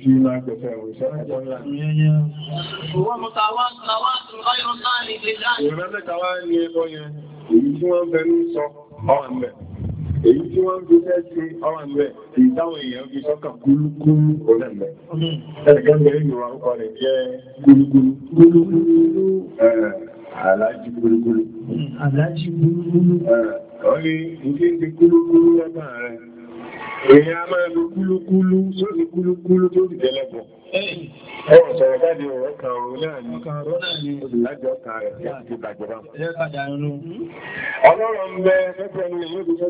tí máa gbẹ̀fẹ́ ìwòsàn ẹjọ́ ńlá. Ìwọ̀n mẹ́ta wá ní èyí tí wọ́n fi fẹ́ sí ọwà ń bẹ̀, táwọn èèyàn fi sọ́kà kúlúkúlú olẹ́mẹ̀. Ẹ̀kẹ́ mẹ́rin ọkọ̀ rẹ̀ jẹ́ kúlúkúlú. Àlájí kúlúkúlú. Àlájí kúlúkúlú. Ọ̀rí, ìdí ń ti kúlúkúlú lọ́gbà rẹ̀. Èyàn a máa lo kúlúkúlú sórí kúlúkúlú tó dìde lẹ́bọ̀. Ẹwọ̀n sọ̀rọ̀ jáde ọ̀rọ̀ kan ọ̀rọ̀ náà ni lájọ́ ọ̀kan rẹ̀ láti bàjẹ́ bá. Ọlọ́run bẹ fẹ́fẹ́ ni èyí ò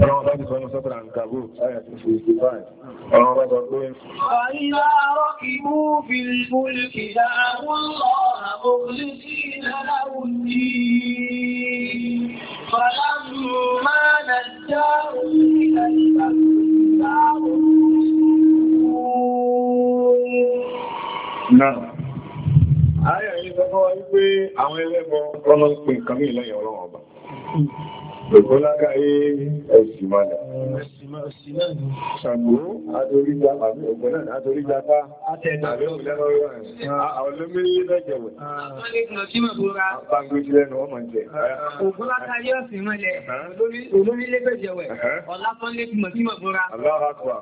Ọlọ́run bá ti sọ ní sọ́tàrà àǹkàbò, ayà 55. Ọlọ́run bá sọ pé, Àìlá rọ́kìbú fìlìmúlìkì láàrùn ọ̀rọ̀ òlìsí láàrùn ìlẹ́yìn ọlọ́run ọba. Ògbónága ẹ̀sì mọ́lẹ̀. Ṣàgbó, adorígbà, àbí ògbónága, adorígbà bá, àbí ògbónága wíwá ẹ̀. Àwọn olómi lẹ́jẹ̀wẹ̀. Báńgbéjì ah. ah. lẹ́nu ọmọ jẹ. Ògbónága yóò sì mọ́lẹ̀. Ah. Olómi lẹ́gbẹ̀jẹ̀wẹ̀. Ọlá tán lé kùmọ̀ sí mọ̀ bóra. Aláhàkùwà.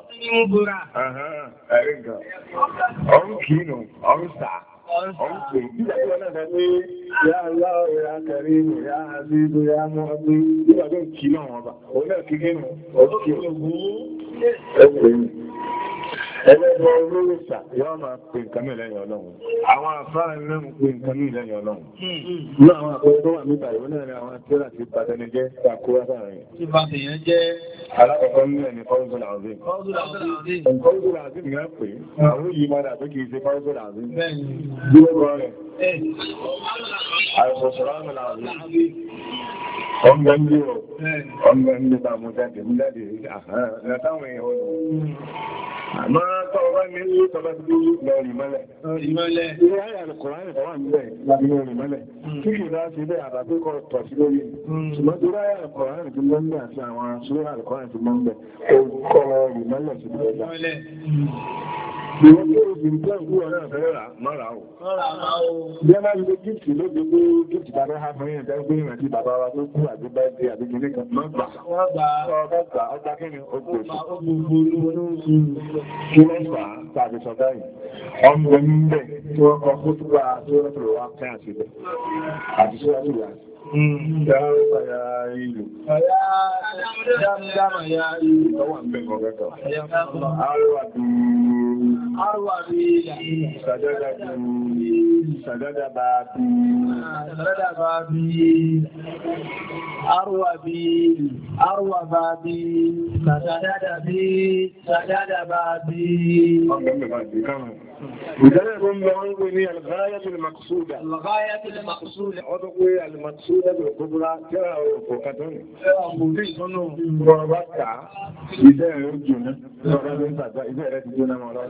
Ẹ̀rí nǹkan. Ọrún kìí nù, ọrún sàá. Ya Allah, ya Karimu, ya Azizu, ya Mu'abi, nígbàgbé ìkìlọ̀ wọn bá, òun náà kìí nínú ọdún kìí. Ẹgbẹ́gbẹ́ olórí ìṣà yọ́ máa pè nǹkan mí lẹ́yìn ọlọ́run. Àwọn àfáà ilé ń pè nǹkan mí lẹ́yìn ọlọ́run. Hmm. Ní àwọn àpẹẹrẹ tó wà nígbà ìwé náà ni àwọn tíra ti bàtẹni jẹ́ takúrá sáàrin. Tí bàtẹ̀yàn jẹ́ alákọ̀ọ́kọ́ ní ẹni Fọ́rúsọ́lá Azim. Fọ́rúsọ́lá Azim ni a pè, àwọn yìí máa dà pé kìí ṣe Fọ́rúsọ́lá Azim. Bẹ́ẹ̀ni. Bí ó rọrẹ̀. Àìsọ̀sọ̀rọ̀ Ọmọ ń gbé ọmọ ń gbé bá mú jáde mú jáde rí àtàwọn èèyàn ọdún. Àmọ́ tọ́ ọba ní ilé tọba ti bí lọ rí mọ́lẹ̀. Ìmọ́lẹ̀. Ilé ayà alùkùnrin tọ́wà ń bẹ̀ láti lọ rí mọ́lẹ̀. Hmm. Kí kì bá ṣe bẹ́ àbá pé kọ́ tọ̀ sí lórí. Hmm. Ṣùgbọ́n tó ráyà alùkùnrin tó mọ́ ń Bíọ́lá ilé gíìtì ló gbogbo gíìtì bàbá ha fún ìyẹn tẹ́gbé ìrántí bàbá wa tó kú àti bẹ́ẹ̀dẹ̀ àti gíní kan máa gbà. Ọgbà ọgbà kí ni ogbò sí? Kí ló fà á tàbí sọ́dá yìí? Ọmọ ẹni ń bẹ̀ tí wọ́n kọ kó tó wà tó rẹ̀ wá kẹ́ àti bẹ̀. Àti sọ́dá yìí Dáadáa ya ìlú. Àyá أروبيل سجدة سجدة بابيل سجدة بابيل أروبيل أروبابيل سجدة بيل سجدة بابيل ìdánilẹ́gbọ́n bẹ wọ́n ń pè ní alghayatu maksuda. alghayatu maksuda. ọ tó pé alimaksuda tó kúbúra kẹ́rà ọ̀pọ̀ katọ́nì. ọ̀pọ̀ ìsọ́nà bọ̀rọ̀ bá ta ìdẹ́ rẹ̀ jóná. ìdẹ́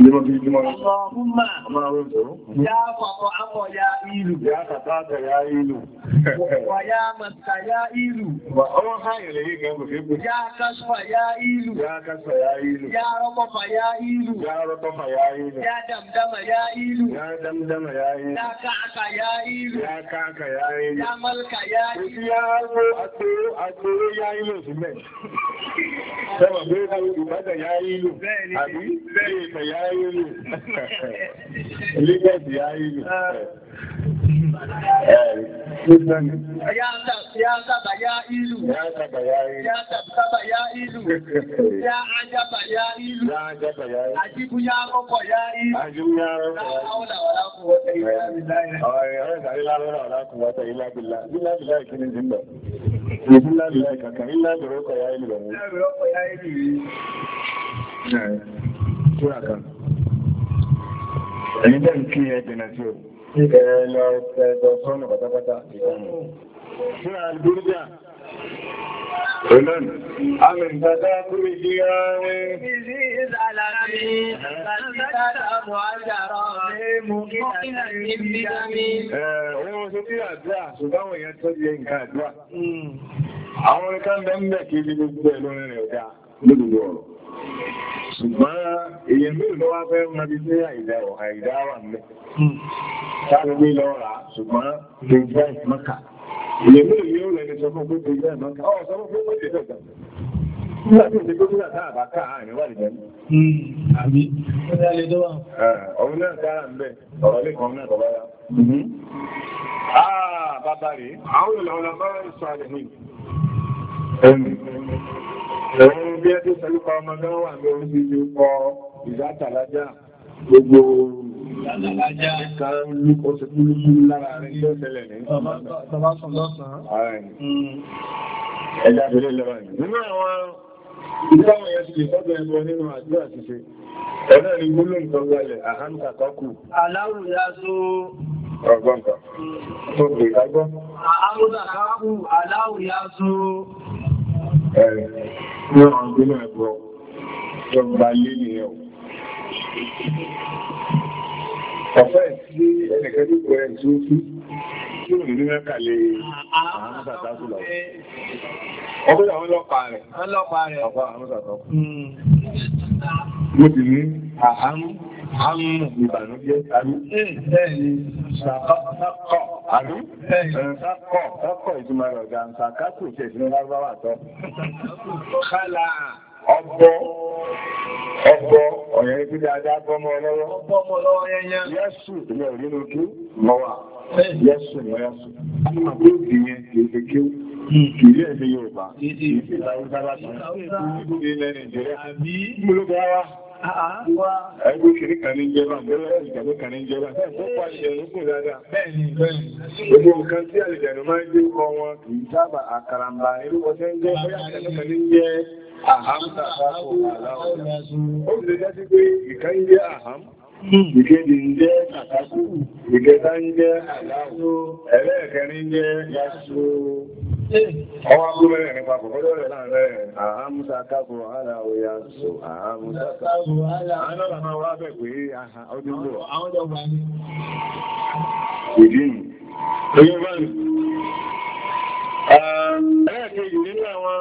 لما في جمع اللهم يا فطعم يا إيلو يا تطاط يا إيلو ويا مسك يا إيلو يا كشف يا إيلو يا كشف يا إيلو يا رطف يا إيلو يا رطف يا إيلو يا دمدم يا إيلو يا دمدم يا إيلو يا كعك يا إيلو يا كعك يا إيلو يا ملك يا إيلو يا ألو أتورو أتورو يا إيلو سمع سمع بيه يا إيلو أبي بيه يا ayélu lígẹ̀ẹ́sì ayélu Ya saba ya ilu. Ya saba ya ilu. Ya saba ya ilu. Ya ajaba ya ilu. Ya ajaba ya ilu. Ajibu ya rọ́pọ̀ ya ilu. Ajibu ya rọ́pọ̀ ya ilu. Láwọ́lá wà lákùnwọ́ta ilá bìlá. Ọ̀rẹ́ ìdáríláwọ́lá wà lákùnwọ́ta ilá bìlá. Ilá bìlá ìkíni jìnbà. Ìbílá bìlá ìkàkà ilá bìrọ́kọ̀ ya ilu. Ilá bìrọ́kọ̀ ya ilu súra kan ẹni tẹ́ ń kí ẹ jẹ́nà tí ó lọ ẹ̀ẹ́dọ̀ sọ́nà pátápátá ìkànnì súra albúrúdà Olóòrùn, a mẹ́rin kúrò ìdí ọ̀rẹ́. Ìdí ìsàlàmí, tàbí mọ̀ àjàrà rẹ̀ mú kí àti ìbí dámi. Ẹ̀ẹ́ wọ́n tó bí àdúrà, ṣùgbọ́n wọ́n tó jẹ nǹkan àdúrà. Hmm. Àwọn ikán bẹ́ẹ̀ mẹ́ kí ibi gbogbo ẹ̀ lórí rẹ̀ ọ̀dá lóòrùn ọ̀rọ̀ ṣùgbọ́n èyàn mìíràn ló wá fẹ́ rántí sí àìdáwà mẹ́ sáàrùn lọ rà ṣùgbọ́n kejìlá ìmọ́ka èyàn mìíràn yóò lẹ́ni sọ fún kejìlá ìmọ́ka ọ̀ sọ fún kejìlá ìmọ́ka Nígbàtí ìṣẹ́gbógúnlá táà bá káà níwà lè jẹ́ ní. Àbí, ó dá lè dọ́wà. Ọ̀run náà káà ń bẹ̀, ọ̀rọ̀ lè kan náà tọ́bára. Àà hmm. ah, bàbá rèé, àwọn ìlànà bá ń sọ àlẹ́ Ẹ̀rùn bí ẹjọ́ sẹ́lúpa ọmọdé wà lórí ìjú pọ̀ ìdátàlájá gbogbo Ìgbàwọn hmm. yẹn ti sọ́dọ̀ ẹgbọ́ nínú àjọ́ àṣìṣe, ẹ̀nà ni gúlò nǹkan wọlẹ̀ àhánkà kọkù. Aláwù yá só ọgbọ́n kan, tó gbé agbọ́n. Àhánkà kọkù, aláwù yá só ẹ̀rẹ̀ ní ọ̀rọ̀ gbínú ẹ̀bọ̀ ìjọba lé nìyẹn ọ̀fẹ́ sí ẹnìkan ní ìpẹ̀rẹ̀ tí ó sí tí ò ní mẹ́ta lè àwọn sàtàkù lọ ọgbẹ́ àwọn ọlọ́pàá mo ti ní àhámù àmú ìbànújẹ́ àrú ẹ̀ẹ́ni ṣàkọ́ àrú ṣàkọ́ ṣàkọ́ ìtumọ̀ rẹ̀ ọ̀gá ṣàkátù ìṣẹ̀sìn lárúbáwà tọ́ kálá ọgbọ́ ọgbọ́ ọ̀yẹ́ ní pínlẹ̀ ajá gbọ́mọ ọlọ́wọ́ ọgbọ́mọ ọlọ́wọ́ yẹnyẹ yẹ́sù ilẹ̀ òrínú kí mọ́wà yẹ́sù ni yẹ́sù ọmọ tó dì yẹn kìí kí kìí lè fi Yorùbá kìí sí ìlà ìgbàlá a òṣèré kan ní jẹba, ìjàmú kan ní jẹba, ó pa ìjẹ̀rún kò dáadáa. Gbogbo nǹkan tí àlejànú máa ń gbé kọ wọn kìí sábà àkàràmbà nínú ọjọ́ ń jẹ́ bóyá ìjàmú kan ní jẹ́ àhámsà fáfò àláwọ̀. Ó lè dá sí pé ìkan jẹ́ àhám, ìkéde ń jẹ́ ìkẹta ń jẹ́ ẹlẹ́ẹ̀kẹrin jẹ́ Ọwọ́ agbúrẹ́ rẹ̀ nípa kòkòrò rẹ̀ láàrẹ̀ àhámúsá kákò ààrà òyà sọ àhámúsá kákò ààrà. Àwọn ọ̀dọ̀ wá bẹ̀ pé ọdún Àwọn ọ̀dọ̀ wà Ìdí yìí. Oyún bá Ẹlẹ́ẹ̀kejì nínú àwọn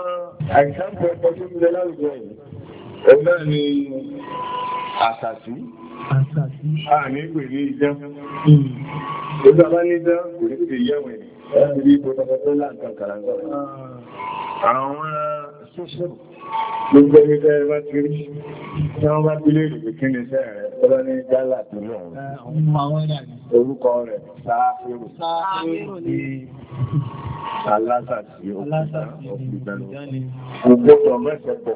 àìsànpọ̀ ẹ̀kọ́ tó ń lẹ láwùjọ yìí. Òun náà ni àṣàṣí. Àṣàṣí. A ní pè ní idán. Ìjọba hmm. ní idán kò ní Àwọn ṣúṣù gbogbo ẹgbẹ́ ẹgbẹ́ ti rí, tí wọ́n bá bílé ìrìnlẹ̀ kí ní iṣẹ́ rẹ̀ tó bá ní gálà tó lọ rẹ̀. Orúkọ rẹ̀ sáàfẹ́rù. Sáàfẹ́rù ni alásàtí òkúta. Gbogbo ọmọ ẹ̀ṣẹ̀ pọ̀.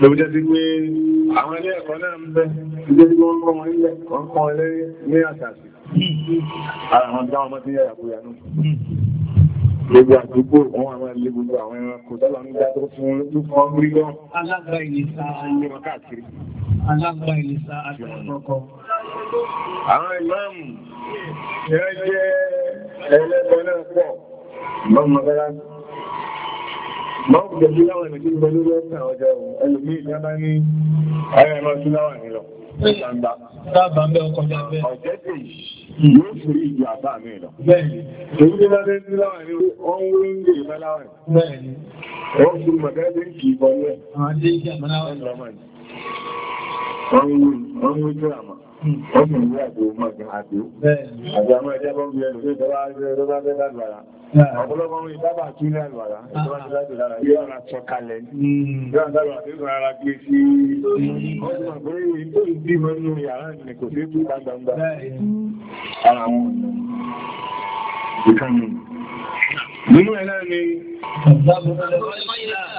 lóbi jẹ́ sí pé àwọn ilé ẹ̀kọ́ náà ń bẹ́ jẹ́ sí wọ́n kọ́ wọn ilẹ̀ wọ́n kọ́ ilé ní àṣàṣì ara wọn dáwọn mọ́ sí yàrá bóyá náà gbogbo àdúgbò wọn àwọn ilé gbogbo àwọn ẹranko tọ́lọ ń dá tó fún lójú fún ọmọ rí lọ́rùn alágbà ìlẹ̀sà ayẹwà káàkiri alágbà ìlẹ̀sà àtẹ̀kọ́kọ́ àwọn ìmáàmù ẹ̀rẹ́ jẹ́ ẹlẹ́gbẹ̀ẹ́ náà pọ̀ Báwo jẹ̀bí láwọn ìrìnjú gbọ́ lórí ọ̀sán ọjọ́ ẹlùmí ìjọba ní ayé ẹ̀rọ sí láwọn ìlọ. Dábà ń bẹ́ ọkọ̀ jábẹ́. Ọ̀jẹ́dẹ̀ yóò fúrí ìjọ àbá mi lọ. Bẹ́ẹ̀ni. Èyí ní bá bẹ́ sí láwọn ìlú, wọ́n ń wé ń gbèrè mẹ́láwẹ̀. Bẹ́ẹ̀ni. Wọ́n fi mọ̀gẹ́lẹ́ kìí bọ́ lẹ́. Àwọn adé ìjà mẹ́láwẹ̀. Wọ́n ń wé ń wé ọdún ìwé àti ọmọ ọdún àti àjàmọ́ ẹjẹ́ bọ́n bí ẹnu tó wá rẹ̀ rọ́bá bẹ́ lálùwàrá ọ̀pọ̀lọpọ̀ ohun ìbábà tí ní àlùwàrá ìjọba ti láti lára yóò rà sọ kalẹ̀ ní ìjọba ti láti rárá gbé sí ọdún àgbórí tó ń bí mọ́ nínú yàrá ìrìn kò sí tó gbàgbàgbà nínú ẹ̀lẹ́ ni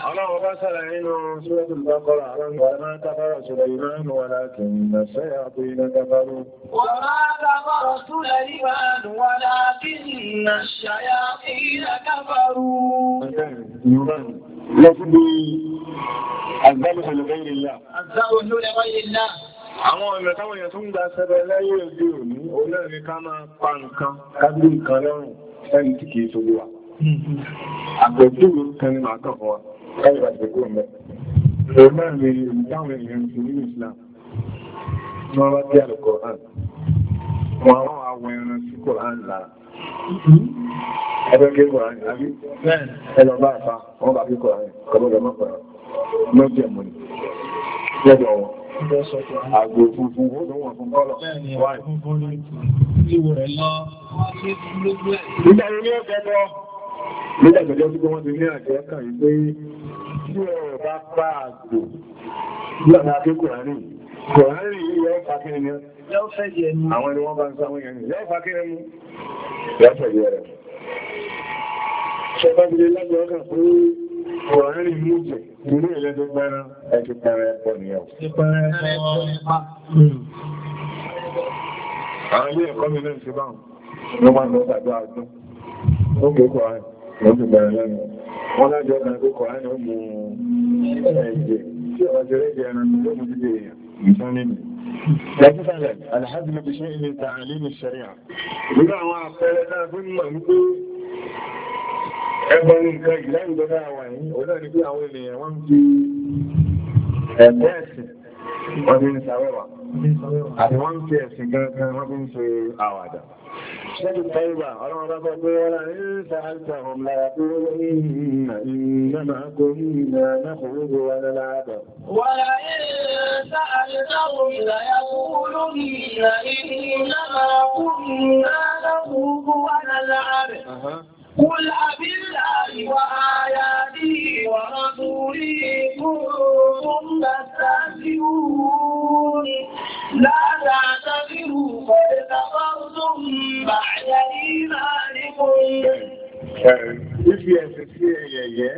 ọlọ́run bá sára nínú sọ́rọ̀tù bákọ́rọ̀ àwọn ọ̀nà tàbára sọ́rọ̀ ìrìnàmù wà láti ìgbẹ̀sẹ̀ àpò iná tàbárò wọ́n máa tàbára sọ́rọ̀ ìrìnàmù wà láti ìgbẹ̀sẹ̀ àpò iná tàbárò Àwọn ọ̀nà táwọn èèyàn tó ń gba ṣẹbẹ̀ láyé òde òní, olóòrin ká máa pa nǹkan, ká gbé nǹkan lọ́rùn. ẹni tí kìí sojú wa àpẹ̀júwò kan ní màá kọ̀ọ̀kan wa ẹni bá ti kúrò mẹ́ ẹ̀rọ mẹ́rin ìdáwọn ti nínú Islam wọ́n bá tí àlùkọ̀ hàn wọ́n àwọn àwọn ẹran sí kò hàn lára ẹgbẹ́ kí hàn àbí bá àfa wọ́n bá kò hàn Àgbò funfun ní àjẹ́ kàn yí pé tí ọ̀rọ̀ bá pa àgbò lọ́nà akékòrò rí. Kòrò rí yíò fàkírí ni. Lọ́fẹ́ jẹ́ ni. Àwọn ẹni wọ́n bá ń sáwọn ṣẹgbẹ́gbẹ́ lọ́gbẹ́ ọ̀gá pé ọ̀rẹ́ rí mú jẹ inú ilẹ̀ tó gbẹ́rán ẹ̀kì pẹ̀rẹ̀ ẹ̀pọ̀ ni ọ̀. Àwọn ilé ẹ̀kọ́ mi lẹ́nu ṣe bá wọn, ló máa lọ tàbí àdún, ó kò kọ̀ ẹ̀ ló ti bẹ̀rẹ̀ lẹ́nu. pé Ẹgbọ́n nǹkan ìlẹ́yìn lọ́dá àwọn ẹ̀sìn wọ́n fi Àti wọ́n ń fi ẹ̀sìn gan-an wọ́n fi ń ṣe àwàdà. Ṣẹ́jú Tẹ́lá, ọlọ́run bá bọ́ pé wọ́n rà ń sàájà ọmọ lára pé wọ́n ní ìrìnà máa kó ní ìrìnà máa náà kò rúgbò wọn lára. قل أبالله وآياته ورسوله كنتم تستهزئون لا تعتذروا قد كفرتم بعد إيمانكم. If you have a fear, yeah, yeah.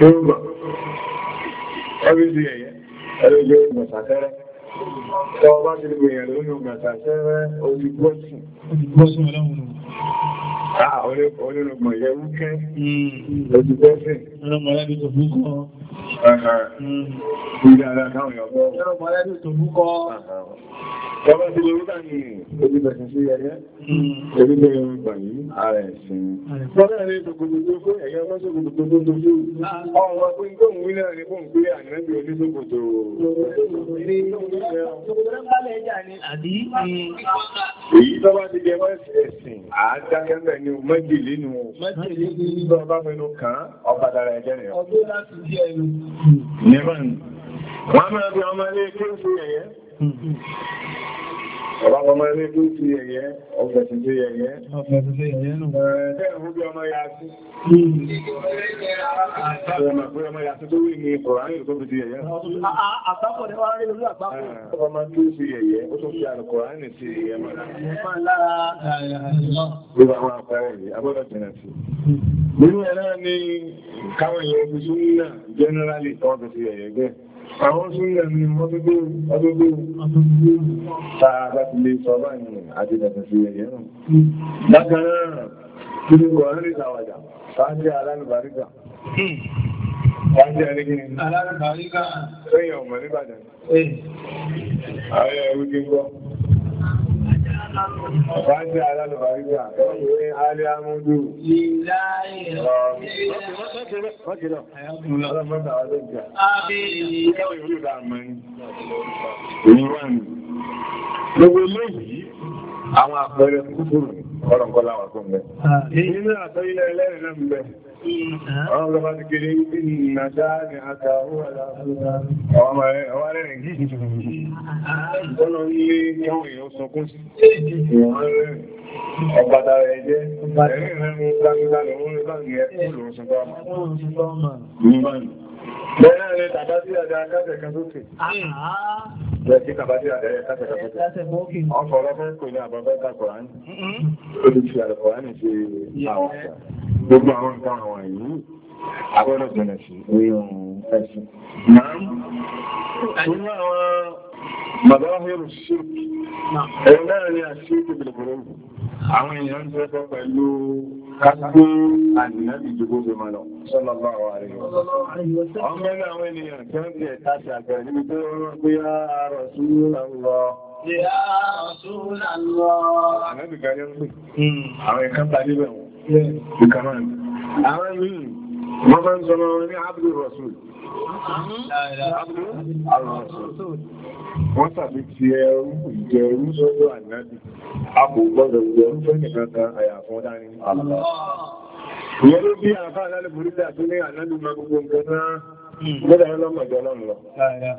yoruba ọbíjú ẹ̀yẹ, ẹlẹ́jọ́ ìgbàsàtẹ́rẹ́. Tọ́ bá ti gbé ẹ̀rẹ́ lónìí ìgbàsàtẹ́rẹ́, ó gbọ́sùn. Ó gbọ́sùn ọlọ́run. Ah, olóògbọ̀n yẹ Ọba ti lè rúdà ní ojúbẹ̀sìn sí ẹyẹ, ẹgbẹ́ ẹ̀rùn ìgbà yìí, ààrẹ ìsìn. Bọ́lá rẹ̀ ṣòkòtò tó ẹ̀yẹ ọmọ ṣòkòtò tó tó tó. Ọwọ́ pé ń tóhun wílẹ̀ rẹ̀ fún pé àìrẹ́bì oníṣòkòtò. Èyí tó bá ti jẹ ẹ̀sìn, àádákẹ́mẹ̀ ni mẹ́jì línú. Mẹ́jì línú. Bọ́ọ̀ bá fẹ́nu kàn, ọ Nígbà ni, wọ́n máa bí ọmọ ilé kí ó sí ẹ̀yẹ́. Ọ̀pọ̀lọpọ̀ ọmọ ẹni tó ti ẹ̀yẹ́, ọ̀fẹ̀sì tó yẹ̀yẹ́. Ọ̀fẹ̀sì tó yẹ̀yẹ́ nù. Ẹ̀ẹ́ ẹ̀hún bí ọmọ ya sí. Ọmọ pé ọmọ ya sí tó wí ní Kọ̀ránì tó fi ti yẹ̀yẹ́. Àpapọ̀ ni wọ́n rí olú àpapọ̀. Ọmọ tó ti yẹ̀yẹ́, ó tó fi àlùkọ̀ránì ti yẹ̀yẹ́ mọ́ra. Ọmọ lára gbogbo àwọn àpẹẹrẹ yìí, agbọ́dọ̀ jìnà sí. Nínú ẹ̀rọ ni káwọn èèyàn omi súnmọ́ náà, generally, ọ̀dọ̀ ti yẹ̀yẹ́ bẹ́ẹ̀ àwọn sórílẹ̀ ni wọ́n tó gbé ọdọ́gbé tàà bá ti lè sọ bá ní àdídàtà sí ẹ̀yẹ́ náà dákanáà tí ó kọ̀ ní ìtàwàdà sáájú alálùbáríkà sáájú alẹ́gìnì alálùbáríkà sẹ́yìn ọmọ nígbàdàn ayẹ́ wíkẹ́ gbọ́ Wájú alálùbárígbà, ní Aliamudu. Gbogbo eléyìí, àwọn àpẹẹrẹ kúkúrù ọ̀rọ̀kọ́lá wà fún mẹ́. Nínú àtọ́yílẹ̀ ẹlẹ́rìn náà mẹ́. Ọlọ́pàá ti kéré ìpínlẹ̀ ìdáàrí àtàwọ̀ ọmọ ẹ̀wọ́rẹ̀ rẹ̀ yìí jù ní ọ̀nà ilé ìwọ̀n èèyàn sọkún sí ọ̀pàdà rẹ̀ jẹ́ ẹ̀rẹ́ ìrẹ́rùn-ún lágbígbà lọ́wọ́ Bẹ́ẹ̀ mm-hmm. Gbogbo àwọn nǹkan àwọn yìí, àbọ́dọ̀ jẹ́nà sí orí ẹ̀sìn. Máa ń tún àwọn màdáwáhẹ́rù ṣírkì. Ẹ̀rọ náà ni àṣírkì bìlìbìlì. Àwọn èèyàn ń tẹ́kọ̀ọ́ pẹ̀lú ká gbé àníyàn ìjọgbó ṣe máa lọ sallallahu alaihi wasallam. Ọmọ ẹgbẹ́ àwọn ènìyàn kí ya Rasulullah. Ya Rasulullah. Àmẹ́bì kan ní ọ̀pẹ́. Àwọn ẹ̀kan bá níbẹ̀ Wọ́n tàbí ti ẹrú ìjẹrú sọ́dọ̀ ànábì, a kò gbọ́dọ̀ ìjẹrú fẹ́ nìkankan àyàfọ́ dání àlọ́. Ìyẹn ló bí àfáà lálẹ́ burúkú àti ní ànábì máa gbogbo nǹkan náà Gbọ́dá ẹ lọ́mọ̀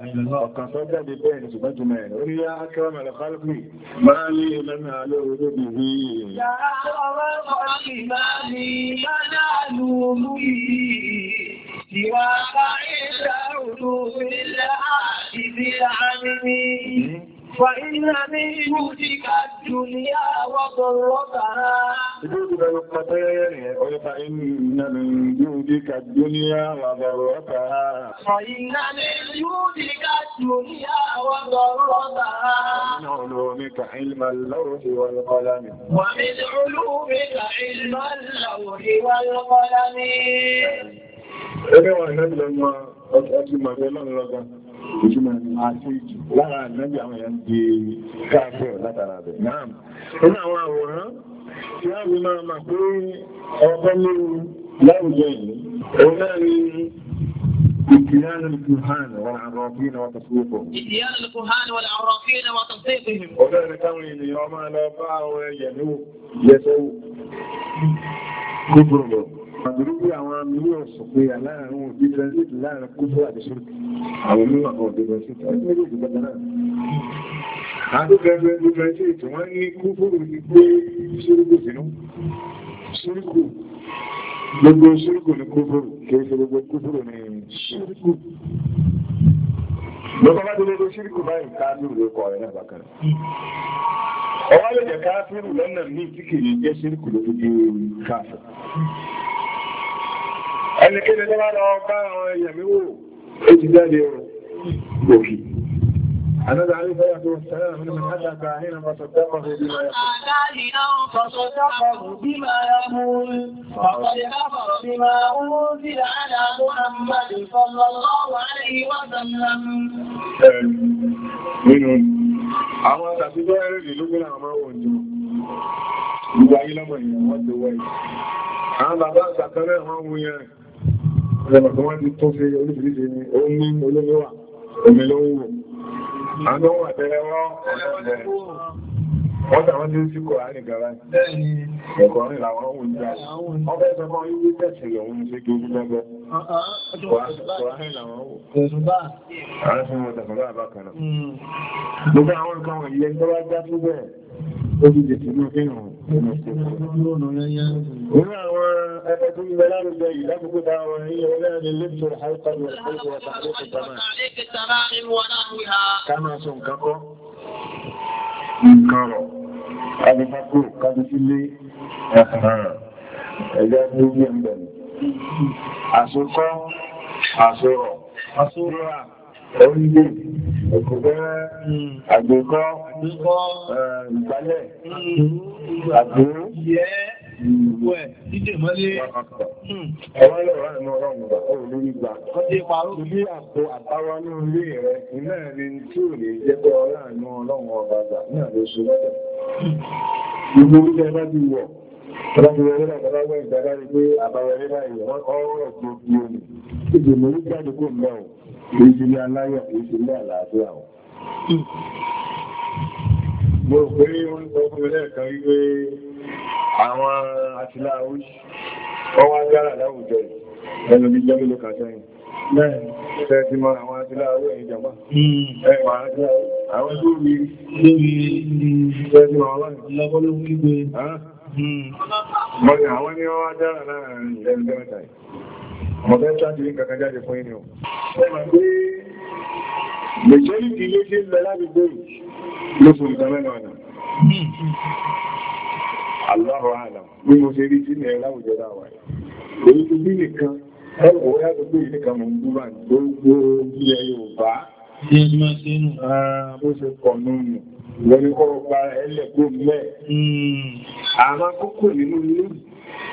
ìjọ tó jáde bẹ́ẹ̀ ni ṣùgbọ́n jùmọ̀ ẹ̀. Orí yá akẹ́wà mẹ́lẹ̀ سوى بعيد عدو العاجز العميم فإن من جودك الدنيا وضرتها فإن من جودك الدنيا وضرتها فإن من جودك الدنيا وضرتها من علومك علم اللوح والقلم ومن علومك علم اللوح والقلم ẹgbẹ́wọ̀n ìlẹ́bìlẹ̀ ahụ a ahụ máa ahụ pé ahụ. الكهان والعرافين وتصديقهم الكهان والعرافين وتصديقهم لا باع ويجنوب يسوء àdúrú bí àwọn mílíọ̀n sọ pé aláàrin òun bí transit láàrin kúrò àdìsọ́ àwọn mílíọ̀n àwọn òbí transit ọdún méjèèjì gbọ́dá náà àdúgbẹ́gbẹ́ bí transit wọ́n ní kúfúrú ní pé ṣúrúkù sínú ṣúrúkù gbogbo ṣúrúkù ní kúfúrú kìí ṣe gbogbo kúfúrú ní ṣúrúkù lọ́kọ́ bá dúró ṣúrúkù báyìí káàdùrú ló kọ̀ ẹ̀rẹ́ àbákan ọwọ́ lè jẹ́ káàfírù lọ́nà míì tí kìí jẹ́ ṣúrúkù lójú káàfírù ẹnikẹ́ni tó bá lọ bá àwọn èèyàn mi wò ó ti jáde òkè أنا ذلك يقول السلام من حتى كاهنا فصدقه بما يقول كاهنا فصدقه بما يقول فقد كفر بما أنزل على محمد صلى الله عليه وسلم منهم àwọn àtàbíbọ́ ẹ̀rẹ́rẹ́ lógún àwọn àwọn òjò gbogbo ayé lọ́mọ ìyàwó àti owó ẹ̀ àwọn bàbá àgbàkan mẹ́rin wọ́n wúyẹn Wọ́n tàwọn ní sí kò àárín gara ẹ̀kọ́ rìn làwọn ohun ìjà. Wọ́n fẹ́ sọ fún ìwé tẹ̀sì lòun ní ṣéjú lọ́gbọ́. Kò àárín làwọn ohun. Àárín fún wọn tàbí àbákanáà. Gbogbo àwọn ìkan wọ̀nyí ẹgbẹ́ wá já Nínú àwọn ẹgbẹ́ tó ń bẹ lárúgbẹ yìí lábùkú bá wọn ní ọlẹ́ ni lẹ́bùsọ̀ àìkọ̀ ní ọ̀pọ̀ ìwọ̀n tàbí Ká máa sọ nǹkan kọ́. Nǹkan rọ̀. Kájú pákó, kájú sílé, ẹ̀jẹ̀ ní orí ẹ̀mgbẹ̀rẹ̀. Àṣokọ́, àṣorọ̀, àṣorọ̀ orílẹ̀ òkùnkùnrẹ́ àgbẹ̀kọ́ ìgbálẹ̀ hmm. àgbẹ̀rú Ìjẹ́ hmm. mọ́lé hmm. ẹ̀wọ́n lọ́wọ́ ẹ̀mọ́ ọ̀rọ̀ ọ̀gbà orí ìgbà. Ọdí paró ní àpò àtàwọn ní orí rẹ̀, iná rí tí ò lè jẹ́ pé ọlá ìmọ́ ọlọ́run ọba àgbà náà ló ṣe lọ́dẹ̀. Ìgbò oúnjẹ bá ti wọ̀, ọlọ́run ẹ̀rẹ́ ìgbàláwọ̀ ìgbàláwọ̀ ìṣẹ̀lẹ̀ aláyọ̀ ìṣẹ̀lẹ̀ àlàáfíà ọ̀. Mo rò pé wọ́n sọ fún ẹlẹ́ẹ̀kan wípé àwọn àtìlá oríṣi, wọ́n wá dára láwùjọ ẹnu bí jẹ́ mélòó kan sẹ́yìn. Ṣé ti mọ àwọn àtìlá orí ẹ̀yìn jàmbá? Hmm. Ẹ̀pà àtìlá àwọn tó rí lórí ṣẹ́ hmm. àwọn ni mọ̀fẹ́ tàbí kankan jáde fún inú mẹ̀jọ́lìtì ilé tí ń lọ láti gbóyìn ló fún ìdámẹ́nà ọ̀nà aláwọ̀ àlàm ní mo ṣe rí sí ní ẹ̀láwùjọ dáwà èyí tó bí nìkan ẹwọ̀ yàtọ̀ pé nìkan mọ̀ ń búrà gbogbo ilẹ̀ Yorùbá bó ṣe kọ̀ hmm. nínú wọ́n ní kọ́rọ̀ pa ẹlẹ́gbọ́n mẹ́ àmá kókò nínú lóòrùn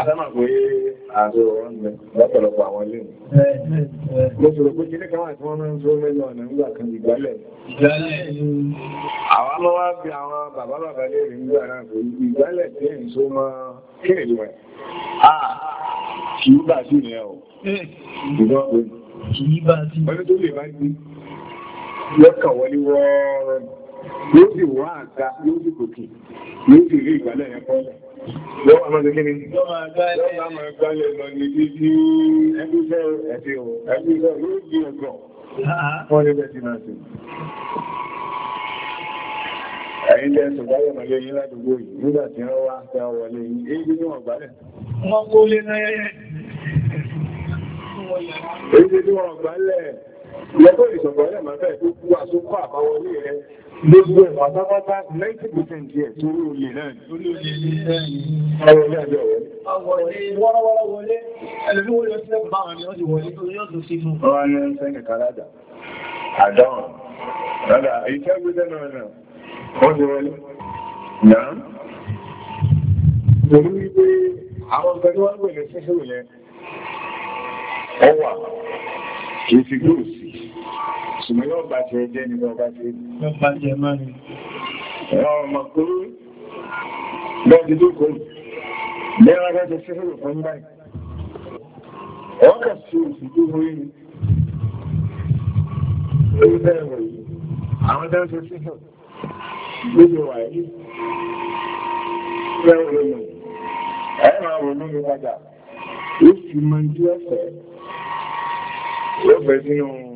Adámà àwọn ilé mi. bí àwọn bàbá bàbá lè rí nígbà náà pé ìgbálẹ̀ tí èyí tó mọ́ kí ni ìwẹ̀. À kì í sí ìyẹn o. Ìgbọ́n pé kì í sí. Wọ́n tó lè bá gbé lọ́kàn wọlé wọ́ọ́rọ́ yóò sì wọ́n àga yóò sì gòkè yóò sì rí ìgbálẹ̀ yẹn kọ́lẹ̀. Yọ́ ọmọ gẹ́gẹ́ ni. Yọ́ máa gbálẹ̀ lọ ní bí i ẹgbẹ́ ẹ̀fẹ́ ẹgbẹ́ ló gbí ọgbọ̀n. Wọ́n ní bẹ́ẹ̀ ti máa ṣe. Ẹ̀yìn jẹ́ ṣùgbáyọ̀ mọ̀lẹ́ yìí ládùgbò yìí nígbà tí wọ́n wá ń ta wọlé yìí, èyí ni wọ́n gbálẹ̀. Wọ́n kó lé náyẹ́ yẹ́. Èyí ni wọ́n gbálẹ̀. Lọ́tọ̀ ìṣọ̀gbọ́lẹ̀ máa fẹ́ tó kú àsókọ́ àbáwọlé rẹ̀. Gbogbo ẹ̀wà pápátá 90% yẹ̀ torí olè náà ní olè ní ẹ̀yìn ọ̀rọ̀ ìjọ rẹ̀. Wọ́n wọ́n wọlé, ẹlùmí wọ́n yóò sílẹ̀ bá wọn ni wọ́n ti wọlé tó yóò tó sí fún. Wọ́n ni ń sẹ́kẹ̀ kàrádà. Àdáwọn. Rádà, ìṣẹ́ gbé dẹ́nà náà, wọ́n ti wọlé. Náà. Pẹ̀lú wípé àwọn pẹ̀lú wọ́n gbẹ̀lẹ̀ síṣẹ́ yẹn, ọwà, kìí fi gbòòsì mùsùlùmí ló bá ṣe jẹ́ ní bọ́bá ṣe lọ́pàá jẹ máa ní ẹ̀wọ̀n ọmọ pé lọ́dí lókòó lẹ́wọ́n gẹ́gẹ́ sí ẹ̀rọ fún báyìí ẹ̀wọ́n kà sí òsì tó mú yìí lórí bẹ́ẹ̀rọ yìí àwọn tẹ́ ṣe sí ẹ̀rọ lórí wà yìí lẹ́wọ̀n yìí ẹ̀rọ máa wọ̀ lórí wájà ó sì máa ń jí ọ̀fẹ́ ó fẹ́ sínú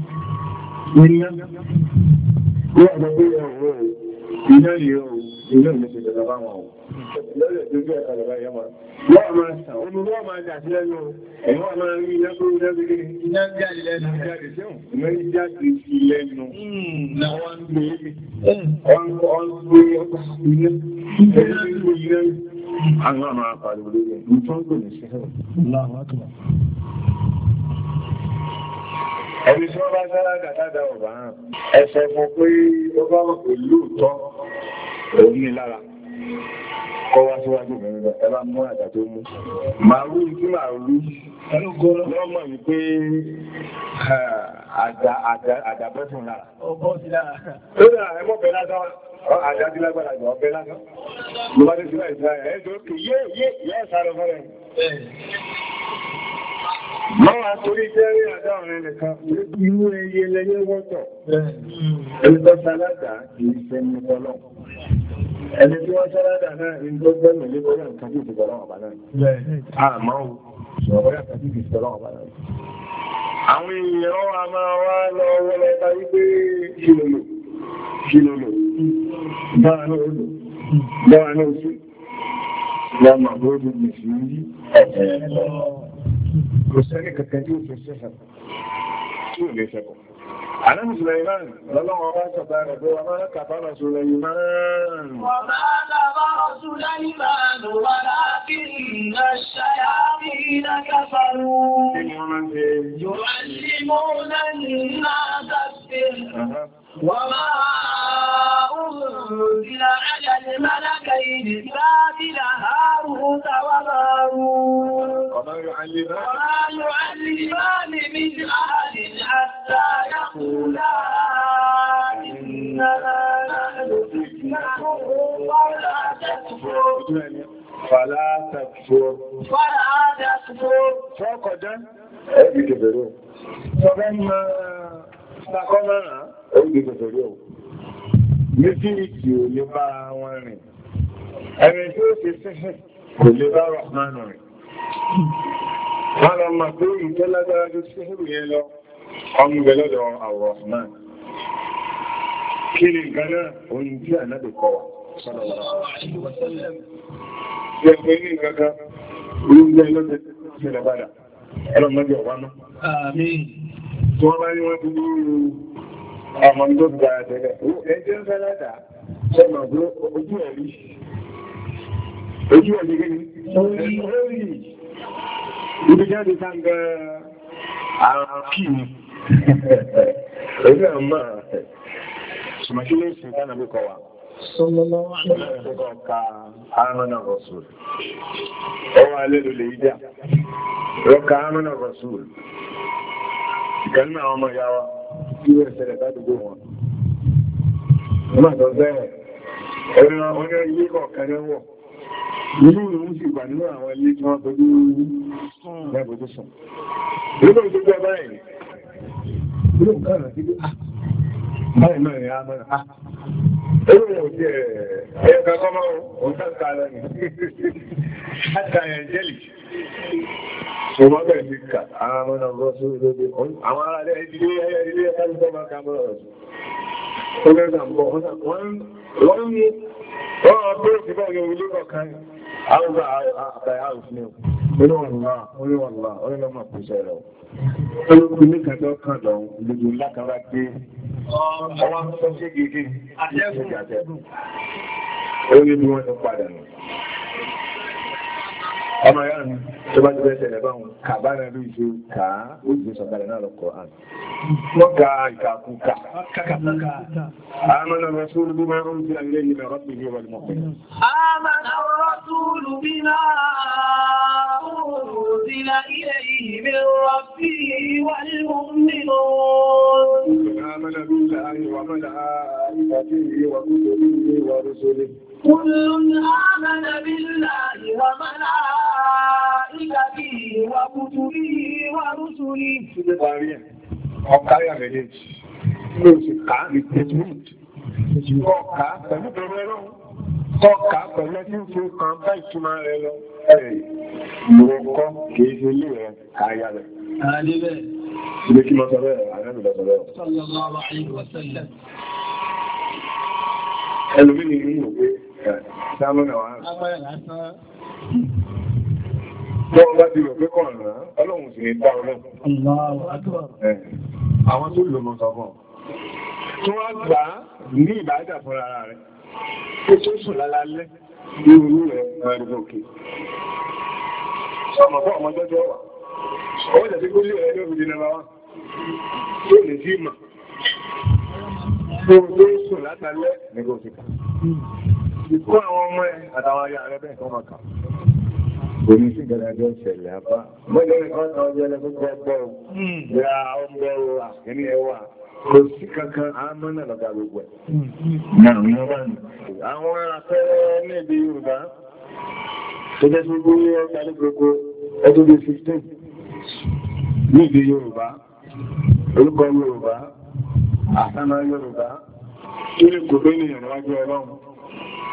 Iná ní ọ̀dọ̀ pé ọ̀rọ̀ iná yìí ọ̀rọ̀ iná ìlẹ́sẹ̀ ìjọba bá wọn ọ̀rọ̀. Lọ́lẹ̀ tó jẹ́ ọ̀kadà bá yẹmọ̀. Wọ́n máa sàn, omi wọ́n máa jà sí lẹ́nu, ẹ̀wọ́n máa rí iná tó iná tó kéré. Iná jáde lẹ́nu. Jáde sẹ́wọ̀n. Iná jáde sí lẹ́nu. Na wọ́n ń gbé mi. Wọ́n ń gbé ọgbà iná. Iná ń gbé iná. Àwọn àmà àpàdé olóyè. Nǹkan tó ní sẹ́wọ̀n. Láwọn àtùmọ̀ ẹni tí wọ́n bá sára dàdádà ọ̀bá hàn ẹsẹ̀ fún pé ó bá wọ́n pè lóòótọ́ òun ní lára kọ́ wá síwájú mẹ́rin ẹ bá mú àdá tó mú màá rú tí màá rú wọ́n mọ̀ wípé àdàbẹ́sùn lára ọ̀bọ̀ sí lára ó dà ẹmọ́ bẹ̀ lásán àdá sí lágbàdà jọ ọ̀bẹ̀ lásán ló bá dé sí láìsí láyà ẹjọ́ kì yé yé yẹ́ sáré fọ́rẹ́ Mọ́wàá torí jẹ́rí àdáwọn ẹnìkan, irú ẹyẹ lẹ́yẹ wọ́tọ̀, ẹni tó sáládà kìí ṣe ní ọlọ́. Ẹni tí wọ́n sáládà náà ní tó gbẹ́mì lé bọ́lá nǹkan tí ìfẹ́ ọlọ́wọ̀ bá náà. Àmọ́ ò, Àwọn èèyàn wa máa wá lọ wọlé ta wípé kìlòlò, kìlòlò, bára náà ó lò, bára náà ó sí, lọ́mọ kò sẹ́ni kankan tí ó fi ṣe ṣẹ̀kọ̀ tí ò lè ṣẹ̀kọ̀ Ànábì Sulaiman lọ́lọ́wọ́ bá sọ̀tà rẹ̀ pé wà máa kàfàrà Sulaiman. Wà máa kàfàrà Sulaiman wà láti ìrìnà ṣáyà bí iná kàfàrú. Kí ni wọ́n máa ń ṣe? Yóò وما أنزل على الملكين بابل هاروت وماروت وما يعلمان من أحد حتى يقولا إنما نحن فتنة ولا تكفر فلا تكفر فلا تكفر فوق جن أبي كبروا فبما نقوم oúnjẹ tòtò rí òun méjìlìkì ò lè bá wọn rìn ẹni tí ó ṣe sísìn kò lè bá rahman rìn wọn lọ mọ̀ pé ìtẹ́lágbára tó sísìn yẹn lọ ọmọ ibẹ̀ lọ́dọ̀ àwọn rahman kí ni nǹkan náà òun tí ànábì kọ wa Ìjọba ilé ìgbàgbà, oúnjẹ lọ́dẹ̀ ṣẹlẹ̀ padà, ẹlọ́mọdé ọ̀wá náà. Àmín. wọ́n bá ní wọ́n ti ní ọmọ tó gbára tẹ́lẹ̀ ẹjọ́ ń fẹ́ látà sọmọ fún ojú ẹ̀rí ojú ẹ̀rí gẹ́gẹ́ orí orí ibi jáde sáńgá àwọn kí ni ẹgbẹ́ ọmọ ṣùgbọ́n ló sì kánà bí kọwà sọmọlọ́wọ́ àmì ọ̀ka àmì ọ̀rọ̀sùn tí ó ẹ̀ṣẹ̀lẹ̀ ládùúgbò wọn. Wọ́n máa lọ bẹ́ẹ̀ ẹran ọ̀rẹ́ ilé kọ̀ọ̀kan lẹ́wọ̀. Inú ìrún sì wà nínú àwọn ilé tí wọ́n tọ́jú lẹ́bùtú sùn. Ìlú tó gbọ́ báyìí. Ìlú nǹkan rẹ̀ sí pé, ah, báyìí náà ni a máa rà. Ìlú rẹ̀ ò jẹ́ ẹ̀ẹ̀kan kọ́mọ́ Ṣùgbọ́n bẹ̀rẹ̀ sí kà, àwọn ọmọ náà rọ́ sí olóògbé, àwọn ará ilé ìdílé ẹ̀yẹ ilé ẹ̀ká ń bọ́ bá ká bọ́ rọ̀ sí. Ó mẹ́ta ń bọ̀, wọ́n ń mú, wọ́n rọ̀ pé òkè bá yẹ ilé kọ̀ọ̀kan, àwọn ọgbà àbáyá òfin ẹ̀. Olúwọ̀nlá, olúwọ̀nlá, olúwọ̀nlá kò sẹ́rọ̀. Olúkú ní kàjọ́ kan lọ, gbogbo ńlá kan bá gbé. Ọwọ́ sọ́ṣẹ́ gègé, àjẹ́kùn. Ó ní bí wọ́n ti padà nù ọmọ ya ni tó bá ti bẹ́ẹ̀ ṣẹlẹ̀ báwọn kàbára ló ṣe kà á ó ṣe sọ̀kalẹ̀ náà lọ́kọ̀ àn. wọ́n ka ìkàkùn kà. آمن الرسول بما أنزل إليه من ربه والمؤمنين. آمن الرسول بما أنزل إليه من ربه والمؤمنون. آمن بالله وملائكته وكتبه ورسله كل آمن بالله وملائكته وكتبه ورسله ọ̀káyà méjèèjì ló sì ká ìpẹ̀tùmùt ọ̀ká pẹ̀lú ẹ̀rọ ọ̀ká pẹ̀lú tí ó fi kan bá ìtumá rẹ lọ ẹ̀rẹ̀ ìwọ̀kọ́ kìí fi ilé rẹ̀ káyà rẹ̀ ilé Wọ́n ah. ah, bá ti rò Àwọn tó lò mọ́ sọ́kọ̀. Tí wọ́n gbà ní ìbájá fún ara rẹ̀, ó tó sùn lálálẹ́ ní orú rẹ̀ ẹgbẹ̀ òkè. Sọmọ̀ fún ọmọ jọ́jọ́ wà. Ọwọ́ jẹ́ sí kó ẹgbẹ́ òkè nọmọ wá. Tó lè sí ìmọ̀. Ìkọ́ àwọn ọmọ sí gẹ̀rẹ̀ ẹjọ́ ìṣẹ̀lẹ̀ àbá. Mọ́lẹ̀ ìkọ́ta ọjọ́ ẹlẹ́gbẹ́ ọgbọ́ ò. Ìyá ọmọ ọrọ̀ àkíní ẹwà. Kò sí kankan àmọ́ náà lọ́gà gbogbo ẹ̀. Àwọn afẹ́rẹ́ ní èdè Yorùbá. Tó jẹ́ ọjà ní gbogbo ọdún bíi 15. Ní èdè Yorùbá, orúkọ Yorùbá, àsánà Yorùbá, kí ni kò tó ní ìrìnàjò ọlọ́run.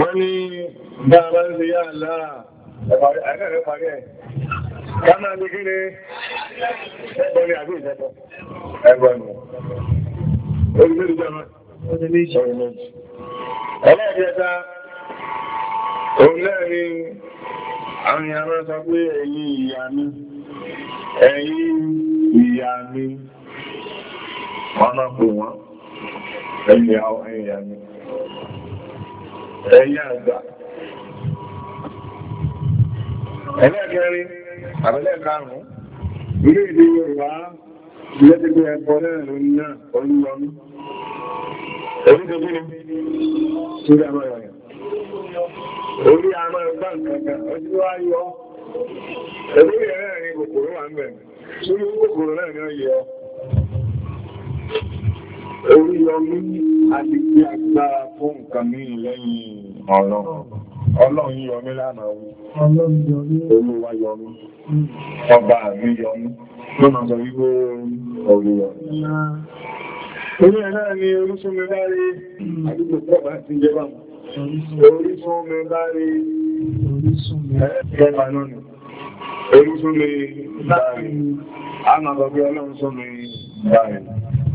wọ́n ní bá a bá ń yá láà parí ẹ̀ ká máa ní kí ni ẹgbọ́n ni àbí ìjẹ́kọ́ ẹgbọ́n ni orí méjì jọmọ́ orí méjì ẹlẹ́ẹ̀kẹta òun náà ni àwọn èèyàn máa sọ pé ẹ̀yin ìyá mi ẹ̀yin ìyá mi wọ́n máa pè ẹ̀yin ìyá mi ẹ̀yìn àgbà ẹlẹ́gẹ̀rin àbẹ́lẹ́gàrún ilé ìdí Yorùbá lẹ́gbẹ̀gbẹ̀ ẹ̀kọ́ lẹ́rìn náà olúwọmí èyí tó gíní tí ó dámọ́ ìrìn orí àmọ́ ẹgbà nǹkan ọjọ́ ayọ́ ẹ̀rọ ìrẹ́rìn kòkòrò wà ń bẹ̀rẹ̀ orí orí àdìgbé agbára fún nǹkan mìíràn lẹ́yìn ọlọ́run ọlọ́run yọmí lánàá wí olúwa yọmí ọba mi yọmí ló máa sọ wípé orí yọmí orí ẹ̀ náà ni orísun mi bá rí àdúgbò pọ̀ bá ti jẹ́ báwọn orísun mi bá rí ẹ̀ẹ́dẹ́gbà náà ni orísun mi bá rí a máa sọ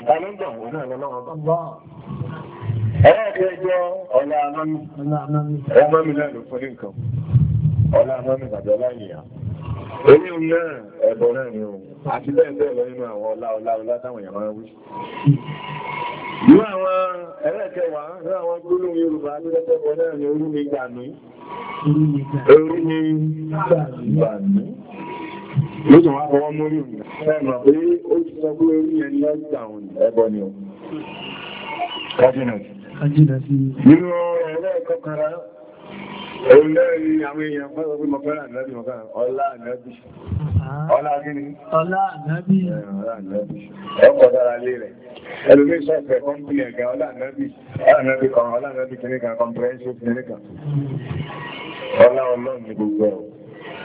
Ìbálẹ́jọ̀ òun náà lọ́wọ́ bá. Ẹlẹ́ẹ̀kẹ́jọ́ ọlá amámi. Ọmọ mi náà ló fún ní nǹkan. Ọlá amámi bàbá ọlá ìyá. Èmi ń náà ẹ̀bọ̀ náà ni òun. Àti bẹ́ẹ̀ bẹ́ẹ̀ lọ nínú àwọn ọlá ọlá ọlá táwọn èèyàn máa ń wí. Ní àwọn ẹlẹ́ẹ̀kẹwàá, ní àwọn gbólóhùn Yorùbá tó lẹ́tẹ̀kọ̀ náà ni orí mi gbà mí. Orí mi gbà mí ló tún wá fọwọ́ mórí ẹ̀mọ̀ pé ó ti sọ pé orí ẹni ọjà òun ẹbọ ni ó kájínà sí nínú ẹ̀rẹ́ ìkọkànlá olórí àwọn èèyàn fọ́sọ̀ pé mọ̀fẹ́ràn ànábì mọ̀fẹ́ràn ọlá ànábì ọlá gíní ọlá ànábì ọkọ̀ dára lé rẹ̀ ẹlùmí sọ́ọ̀fẹ́ kọ́mpìnì ẹ̀gá ọlá ànábì ọlá ànábì kìnnìkan comprehensive kìnnìkan hmm. ọlá ọlọ́run ni gbogbo ẹ̀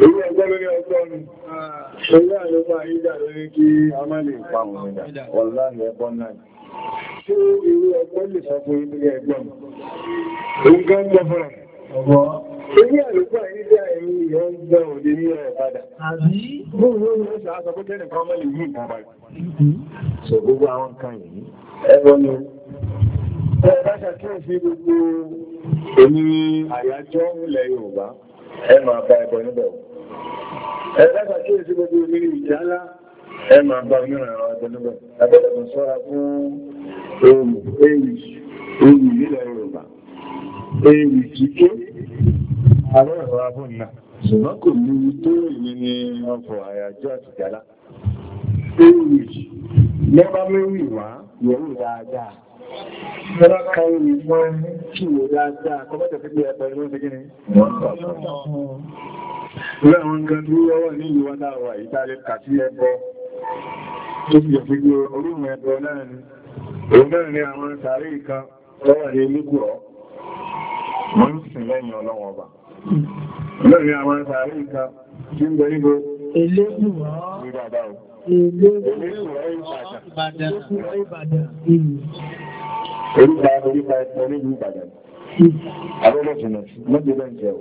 Ilé ẹgbẹ́ lórí ọjọ́ ni, ilé àyọ́gbà ìjà lórí kí a má lè pàmù ìjà, ọ̀lá ni ẹgbọ́n náà. Ṣé irú ẹgbẹ́ lè sọ fún ilé ẹgbọ́n? Oúnjẹ ń gbọ́ fúnra. Ọgbọ́. Ilé àyọ́gbà ìjà ẹ̀yìn ìyọ́ ń gbọ́ òde ní ọ̀rẹ̀ padà. Àbí? Gbogbo ọmọ ìṣàásọ pé kẹ́rin kan mọ́ lè yí nǹkan gbogbo àwọn nǹkan yìí? Ẹgbọ́n ni Ẹ̀bá ṣàkíyèsí gbogbo èmi àyájọ́ ilẹ̀ ẹ máa bá ẹbọ níbẹ̀ o ẹ lẹ́gbàá kí èsì gbogbo nínú ìjà ńlá ẹ máa bá mìíràn ẹ̀rọ ẹbọ níbẹ̀ abẹ́lẹ̀kùn sọ́ra fún ewu ewu ewu nílẹ̀ Yorùbá ewu kíké àwọn ẹ̀rọ abọ́ ńlá ṣùgbọ́n kò ní tó ìlú ní ọkọ̀ àyájọ́ àtìjálá ewu lẹ́gbàá mẹ́wìí wá yẹ̀wò dáadáa Ìjọba kan ìwọ̀n kí wò dáadáa, kọ́bọ̀tẹ̀ fi bí ẹ̀bẹ̀ ló ti gíní. Ìwọ̀n àwọn nǹkan tí ó wà ní ìwọ̀n dáwà ìtàlẹ̀ kàtí ẹbọ tó fi jẹ́ fi gbé orúhùn ẹbọ náà ni. Òun náà ni àwọn sàárè kan lọ́wọ́ ní Lúkùrọ̀. Wọ́n ń sìn lẹ́yìn Ìbàdàn orúkọ orípa ẹ̀kọ́ ní ìlú Ìbàdàn abẹ́lẹ̀jìnà mọ́jẹ́ bẹ́ẹ̀ jẹ́ o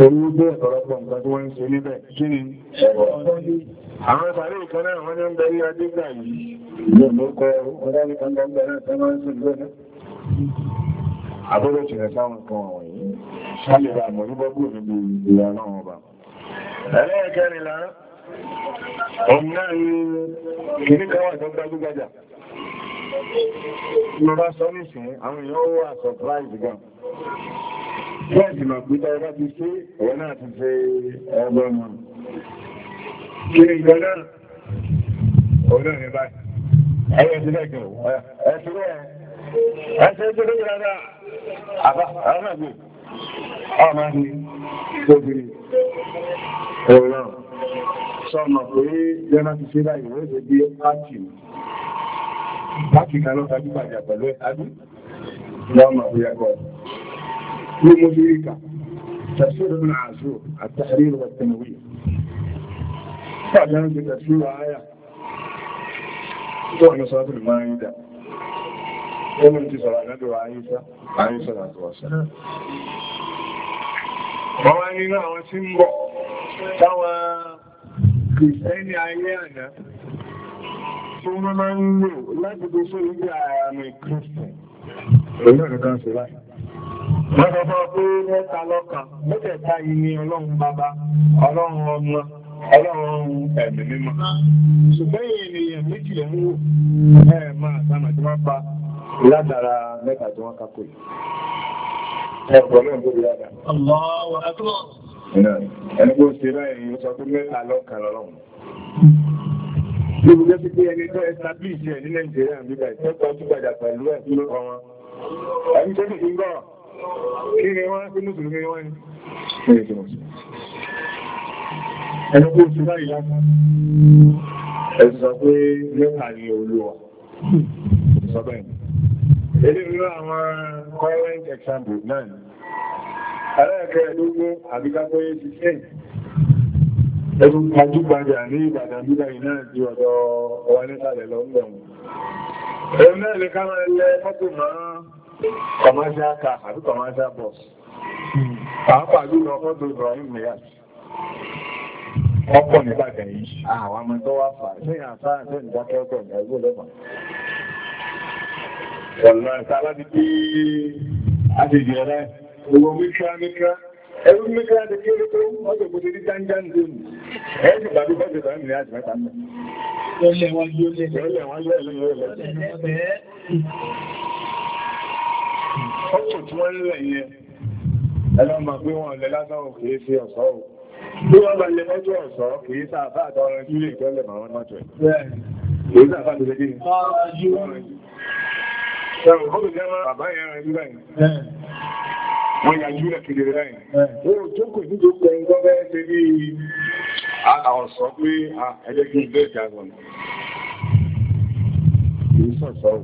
orú gbé ọ̀pọ̀lọpọ̀ nǹkan tí wọ́n ń ṣe níbẹ̀ kí ni àwọn ìbàlẹ̀ ìkan náà wọ́n ní ń bẹ̀rẹ̀ adégbà yìí ní ọ̀lọ́kọ̀ ọ̀dánìkan gbọ́ngbẹ̀ náà tẹ́ máa ń sùn lónìí abẹ́lẹ̀jìnà sáwọn kan wọ̀nyí sálẹ̀bà mọ̀ ní bọ́gbù níbi ìlànà ọba ẹlẹ́ẹ̀kẹ́rìnlá òun náà ní kìnnìkan wà tó gbajúgbajà Mo bá sọ ní ṣe àwọn èèyàn wà surprise gan. Bẹ́ẹ̀sì mọ̀ pítà ọba ti ṣe ọ̀rọ̀ náà ti ṣe ọgbọ́n mọ̀. Kí ni ìgbọ́n náà? Ọ̀rọ̀ ní báyìí. Ẹyẹ ti lẹ́gẹ̀ ẹ̀ṣẹ̀ rẹ̀ ẹ̀ṣẹ̀ tó lórí rárá. Àbá àwọn àgbè. Ọmọ ni tóbi ọ̀rọ̀ sọ̀nà pé Jọ́nà ti ṣe báyìí wọ́n ṣe bí á tì mí. Láfíkà lọ tàbí pàdé pẹ̀lú ẹ̀dú lọ́mà ó yẹ́kọ́. Ní mo ṣe ríkà, tafsir ibn Ashur, at-tahrir wa at-tanwir. Pàdé ń ṣe tafsir àáyà tó ọ̀nà sọ́tún máa ń dà. Ó mú ti sọ̀rọ̀ àdádọ́ àyíṣà, àyíṣà àti wàṣà. Bọ́wá nínú àwọn tí ń bọ̀, táwọn Kìrìsìtẹ́nì ayé àná tí wọ́n máa ń lò láti gbé sí ìgbé àmì Kristi. Èyí náà kan sí Wọ́n sọ pé mẹ́ta lọ́kàn, mẹ́tẹ̀ẹ̀ta yìí ni Ọlọ́run bàbá, Ọlọ́run ọmọ, Ọlọ́run ẹ̀mí mímọ́. Ṣùgbọ́n ènìyàn méjì lè ẹ̀ máa sáàmà ló jẹ́ sí pé ẹni tó establish ẹ̀ ní Nàìjíríà nígbà ìtọ́ta tó gbàjà pẹ̀lú ẹ̀ tó lọ́wọ́ wọn ẹni tó sì ń gọ́ kí ni wọ́n pín mùsùlùmí wọ́n ni ẹni tó báyìí lásán ẹ̀sùn sọ pé mẹ́ta ni olúwa sọ bẹ́ẹ̀ Ilé ìlú àwọn current example náà. Aláàkẹ́ ẹ̀dógún àbíkápẹ́ 16 ẹrù gbajúgbajà ní Ìbàdàn bíbá iná ti ọ̀dọ̀ ọwà nísàlẹ̀ lọ́gbọ̀n ẹ̀rù náà lè ká máa lẹ fọ́tò máa kọmáṣá ká àbí kọmáṣá bọ̀ pàápàá jùlọ fọ́tò Ibrahim Niyas ọ̀pọ̀ nígbàgbà yìí àwọn ọmọ tó wá fà sẹ́yìn àtàrà sẹ́yìn dákẹ́ọ̀kọ̀ ìgbàgbó lọ́mọ ọ̀nà ìtàlá ti bí a ti jẹ́ rẹ̀ owó mítúrá mítúrá ẹ̀rù mẹ́kẹ́lá ti kéré tó ọjọ́ kò dédé jánján lónìí ẹ̀ẹ́sì bàbí bọ́jọ̀ bá mìíràn àti mẹ́ta mẹ́ lọ́lẹ̀ wọn yóò lẹ́lẹ̀ wọn yóò lẹ́lẹ̀ ọkọ̀ tí wọ́n lẹ̀ yẹn ẹlọ́mà pé wọ́n lẹ lásán ò kìí sí ọ̀sọ́ ò bí wọ́n bá lẹ mọ́jọ́ ọ̀sọ́ kìí sáfà àtọrọ ilé ìtọ́lẹ̀ màwọn mọ́jọ́ ẹ̀ kìí sáfà tó lé kí Ṣẹ̀rùn kó lè jẹ́ bàbá yẹn rẹ̀ nígbà yìí wọ́n yà jùlọ kìdìrì láì wọ́n jókòó ní jókòó ẹni tó bẹ́ẹ̀ ṣe bí àwọn sọ pé ẹjẹ́ kí n bẹ́ẹ̀ jagun kì í sọ̀sọ̀ o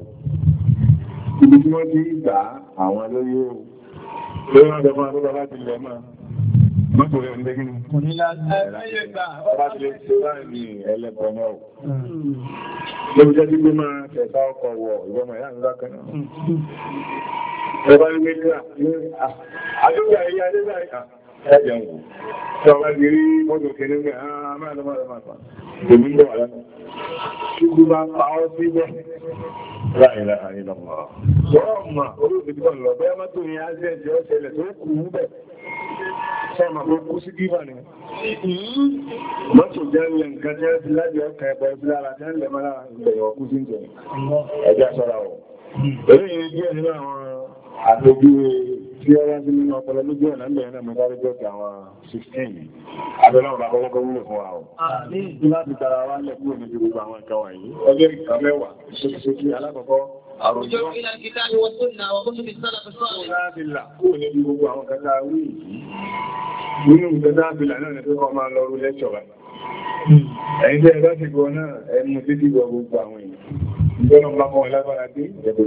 ibi tí wọ́n ti gbà àwọn lóyè o lóyè wọn dẹ̀kọ́ àdúgbò láti ilẹ̀ máa mọ́tò rẹ̀ ń dẹ́gí ni kò ní láti ẹ̀rẹ́ gbà ọba ti lè ṣe láàrin ẹlẹ́gbọ̀n náà lóbi jẹ́ gbígbé máa Ah, ah, ọba ní méjìlá, àdúgbà ilé adébà ẹ̀yà ń wò. Ṣọba ní rí mọ́tò kìíní mẹ́, àà ah, máa lọ máa lọ máa pa. Èmi ń bọ̀ wà lánàá. Ṣígbú bá pa ọ́ sí bẹ́ẹ̀. Láì ra àyè lọ mọ̀. Wọ́n mọ̀ olóògbé tí wọ́n lọ bẹ́ẹ̀ mọ́tò yẹn á jẹ́ ìjọ ṣẹlẹ̀ tó kù ú bẹ̀. Ṣọ́mà ni. Mọ́tò jẹ́ ilẹ̀ nǹkan jẹ́ ti lájọ ọkà ẹ̀bọ̀ ẹ̀bí lára jẹ́ ilẹ̀ mọ́lá ìgbẹ̀yọ̀ ni díẹ̀ àtòjú tí ó rántí nínú ọpọlọ lójú ọ̀nà ń bẹ̀rẹ̀ náà mọ́ dárí jọ́ àwọn 16 abẹ́lá ọ̀rọ̀ akọ́kọ́ wúlò fún wa ọ̀ ní láti tara wá lẹ̀ kúrò níbi gbogbo àwọn ẹ̀kọ́ wọ̀nyí ọjọ́ ìkà mẹ́wàá ṣoṣoṣoṣi alákọ̀ọ́kọ́ àròjọ́ ẹ̀yìn tẹ́ ẹ̀dá ti gbọ́ náà ẹnu títí gbọ́ gbogbo àwọn èèyàn ìjọ́nà bá mọ́ ẹlágbára dé ẹ̀kọ́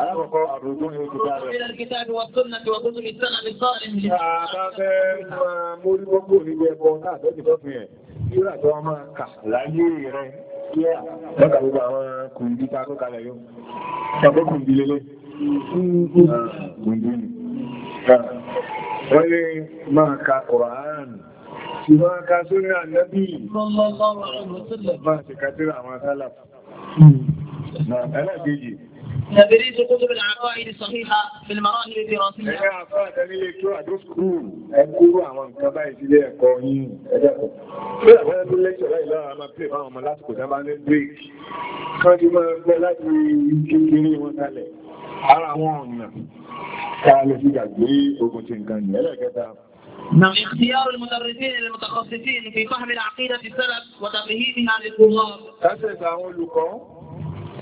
alákọ̀ọ́kọ́ àbúrúkú ní oṣù dáadáa. Àbábẹ́ máa mórí wọ́pọ̀ ní ẹbọ náà lọ́jọ́ fọ́fún ẹ̀. Yóò àjọ ọmọ kà láyé rẹ̀. Lọ́kà gbogbo àwọn kùnbí ta tó kalẹ̀ yóò. Ṣàbọ́ kùnbí lélẹ̀. Kùnbí ni. Wọ́n lè máa ka Kùránì ti máa ka sórí ànábì máa ṣe kàtírà àwọn sálàfù. Ẹlẹ́gbẹ̀ẹ́ تبريز كتب العقائد الصحيحة في المراحل الدراسية. ẹ àfáà tẹ́lẹ̀ lè tó àdókòrò ẹ kúrò àwọn nǹkan báyìí sílé ẹ̀kọ́ yín ẹ̀dá kan. bí àpẹẹrẹ tó lẹ́kṣọ̀ láì lára máa pè fáwọn ọmọ lásìkò tí wọ́n bá ní bíríkì kan ti máa gbọ́ láti kékeré wọn kalẹ̀ ara àwọn ọ̀nà ká lè fi gbàgbé ogun ti nǹkan yìí ẹlẹ́kẹta. نعم اختيار المدرسين المتخصصين في فهم العقيدة السلف وتفهيمها للطلاب.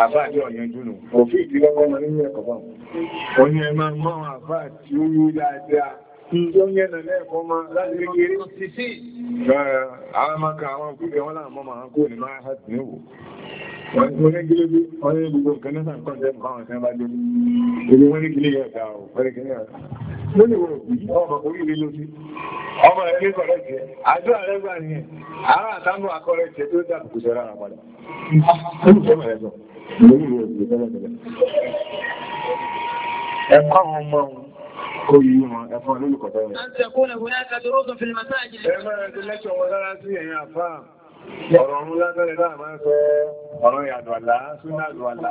àbáàdé ọ̀yanjú nù. Òfin ìdí ọkọ̀ ọmọ nínú ẹ̀kọ́ bá. Ó ní ẹ máa mọ́ àwọn àbáà tí ó yú dáadáa. Ó ní ẹ̀nà lẹ́ẹ̀kọ́ ọmọ láti kékeré. Àwọn máa ka àwọn òkúrẹ́ wọn láàmọ́ máa kó ní máa hàtì ní òwò. Wọ́n ní gílébí, wọ́n ní gbogbo nǹkan náà kọ́ jẹ́ àwọn ìṣẹ́ bá dé. Gbogbo wọ́n ní gílé ẹ̀dà ò, wọ́n kọ̀rẹ́ jẹ́, àjọ àrẹ́gbà ni, àárá àtàmù akọrẹ́ jẹ́ tó dàbùkù sẹ́ra àpàdà. Ẹ̀kọ́ àwọn ọmọ orí wọn ẹ̀fọn olólùkọ̀ tẹ́rẹ. A ń tẹ̀kún ẹ̀wọ̀n láti àti orógùn fìlì màtáàjì. Ẹgbẹ́ rẹ̀ ti lẹ́ṣọ̀ wọn lára sí ẹ̀yìn àfáà. Ọ̀rọ̀ ọ̀run lábẹ́rẹ̀ náà máa ń sọ ọ̀rọ̀ ìyàdọ̀ àlá, súnà àdọ̀ àlá,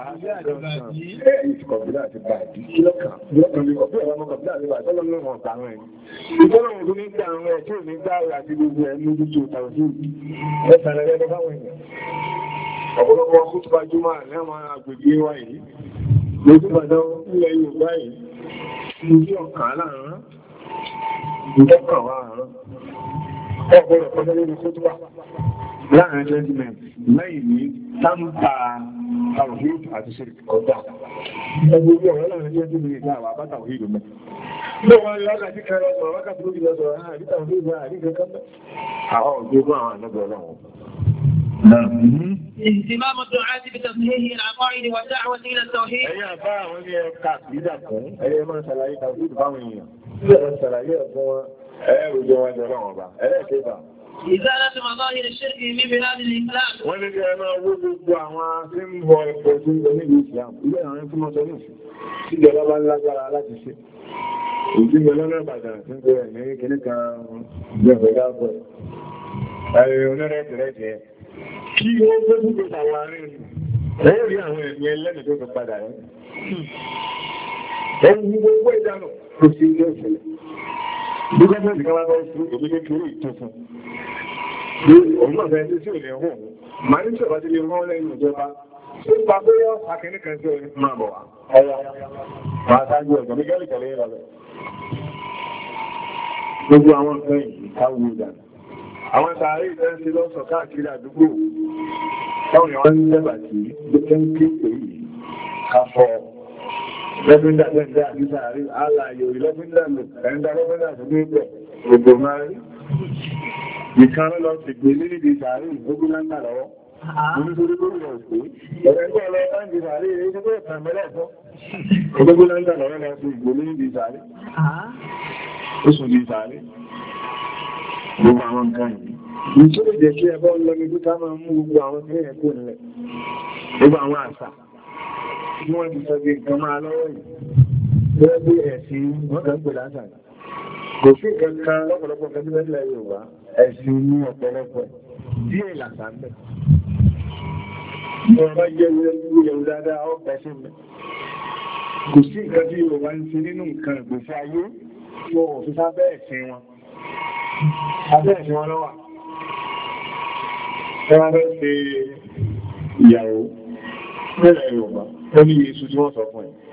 ìkọ̀bílà àti bàdí, kílọ́kàn, ìlọ́kàn ní ọ̀pẹ́ ìwọ̀n kọ̀bílà àti bàdí, ọlọ́run ọ̀gbà àwọn ẹ̀. Ìtọ́lọ̀run tó ní gbà àwọn ẹ̀ tí ò ní gbà àti gbogbo ẹ̀ ní ojú tó tàwọn sí ẹ̀sàn rẹ̀ ọ̀pọ̀lọpọ̀ kútùbà jùmọ̀ lẹ́mọ̀ agbègbè wa yìí lójúbàdàn ilẹ̀ Yorùbá yìí ní ọkà láàrán ìdọ́kà wa àrán ọgbọ̀rọ̀ pẹ̀lú lórí kútùbà láàrin jẹ́jìmẹ̀ lẹ́yìn ní tàǹtà tàwíìdì àti ṣe ọ̀dá ẹgbẹ̀rẹ̀ ọ̀rọ̀ láàrin jẹ́jìmẹ̀ ìgbà àwọn àbátàwíìdì mẹ́ Lọ́wọ́ ìlànà àti kẹrẹ ọ̀rọ̀ wákàtí lórí ọjọ́ àárín tàwíìdì àárín kẹkẹ́ اهتمام الدعاة بتصحيح العقائد والدعوة إلى التوحيد. أيها فاهم أني كاتبيدكم أيها من سلاي توحيد فاهمين. أيها سلاي أقوى أيها وجوان جلوان با أيها كيف Ìzára tó máa báyìí lè ṣẹ́kì ní Bíláàdì ní Islam. Wọ́n ní kí ẹ máa wó gbogbo àwọn tí ń bọ̀ ẹ̀pọ̀ sí onílù Islam. Ilé àwọn ẹni tí mọ́ sọ nìṣù. Síjọba bá ń lágbára láti ṣe. Òjúmọ̀ lọ́nà Ìbàdàn tí ń pẹ̀rẹ̀ ní kìnnìkan gbẹ̀gbẹ̀ dáàbọ̀. Ẹ̀rẹ̀ onírẹ̀ tẹ̀rẹ̀ jẹ́ kí ó gbé gbogbo àwọn arìnrìn ẹ̀yẹ́ rí àwọn ẹ̀mí ẹlẹ́nì tó padà rẹ̀ ẹni ní gbogbo ìdánù tó sí ilé ìṣẹ̀lẹ̀ bí gọ́ọ̀mẹ́ntì kan bá bá fún òbí ní kiri ìtọ́fún bí òun náà bẹ́ẹ̀ tí ò lè hùn mà ní sọ̀rọ̀ sí ilé wọn lẹ́yìn ìjọba tó pa pé yọ akẹ́ni kan àwọn sàárè ìrẹ́ ti lọ́sọ̀ káàkiri àdúgbò táwọn èèyàn ń lẹ́bà tí ló tẹ́ ń ké pè yìí káfọ́ lẹ́gbẹ́ndà lẹ́gbẹ́ àti sàárè alàyè orí lẹ́gbẹ́ndà lò ẹ̀ńdà lẹ́gbẹ́ndà tó gbé bẹ̀ gbogbo máa rí nìkan lọ sì gbé ní níbi sàárè ìgbógun náà lọ́wọ́ nítorí lórí ọ̀pẹ́ ẹ̀rẹ́gbẹ́ ọlọ́pàá ń di sàárè ìrẹ́gbẹ́ ìpàmẹ́lẹ̀ fọ́ ọgbógun náà lọ́wọ́ lọ sí ìgbó ní níbi sàárè ó sùn di sàárè gbogbo àwọn nǹkan yìí ìtúrò jẹ́ kí ẹbọ́ lọ ní gbígbá máa mú gbogbo àwọn tí ẹ̀kọ́ nílẹ̀ gbogbo àwọn àṣà tí wọ́n ti sọ bí nǹkan máa lọ́wọ́ yìí wọ́n bí ẹ̀sìn wọ́n kàn ń pè láṣà kò sí kankan Yorùbá ń bẹ̀ nínú nǹkan ìgbésí ayé wọ́n ò fi sábẹ́ ẹ̀sìn wọn abẹ́ ẹ̀sìn ṣe ìyàwó mẹ́rẹ̀ Yorùbá ó ní Jésù tí wọ́n sọ fún ẹ̀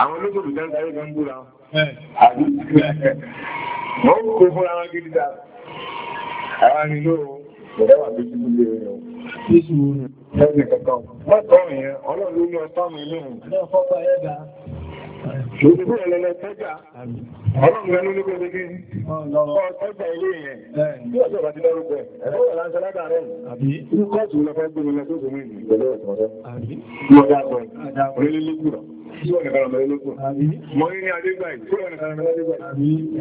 àwọn olóṣèlú jẹ́ ìdáyé kan búra wọ́n kó fún àwọn gidi dá àwọn nílò ìdáwà tó ti gbogbo ẹ̀rọ Jésù e lẹ́yìn kankan. Mọ́tọ́ ìyẹn, ọlọ́run ló ní ọtọ́ mi lóhùn. Náà Ìgbó ẹ̀lẹ́lẹ́ tọ́jà, ọlọ́run ẹnu ní kò ní kí ọ̀tọ́jà ilé yẹn, tí ọjọ́ bá ti dárúkọ ẹ̀, ẹ̀fọ́ wà láńṣẹ́ látàrẹ́ yìí, ní kọ́ọ̀tù lọ́fẹ́ gbóni lọ tó gbóni pẹ̀lú ọ̀tọ̀ọ̀tọ̀. Mọ̀ dá bọ̀ orílẹ̀-èdè tí wọ́n nìkan ọmọ ilé kù. Mọ̀ ní Adégbà yìí, tí wọ́n nìkan ọmọ ilé gbà.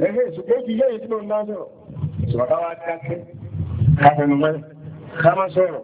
Ẹ̀hẹ́ ṣùgbọ́n kì í lẹ́yìn tí mo ń bá sọ̀rọ̀. Ṣùgbọ́n ká wá dákẹ́, ká fẹnu mọ́lẹ̀, ká má sọ̀rọ̀.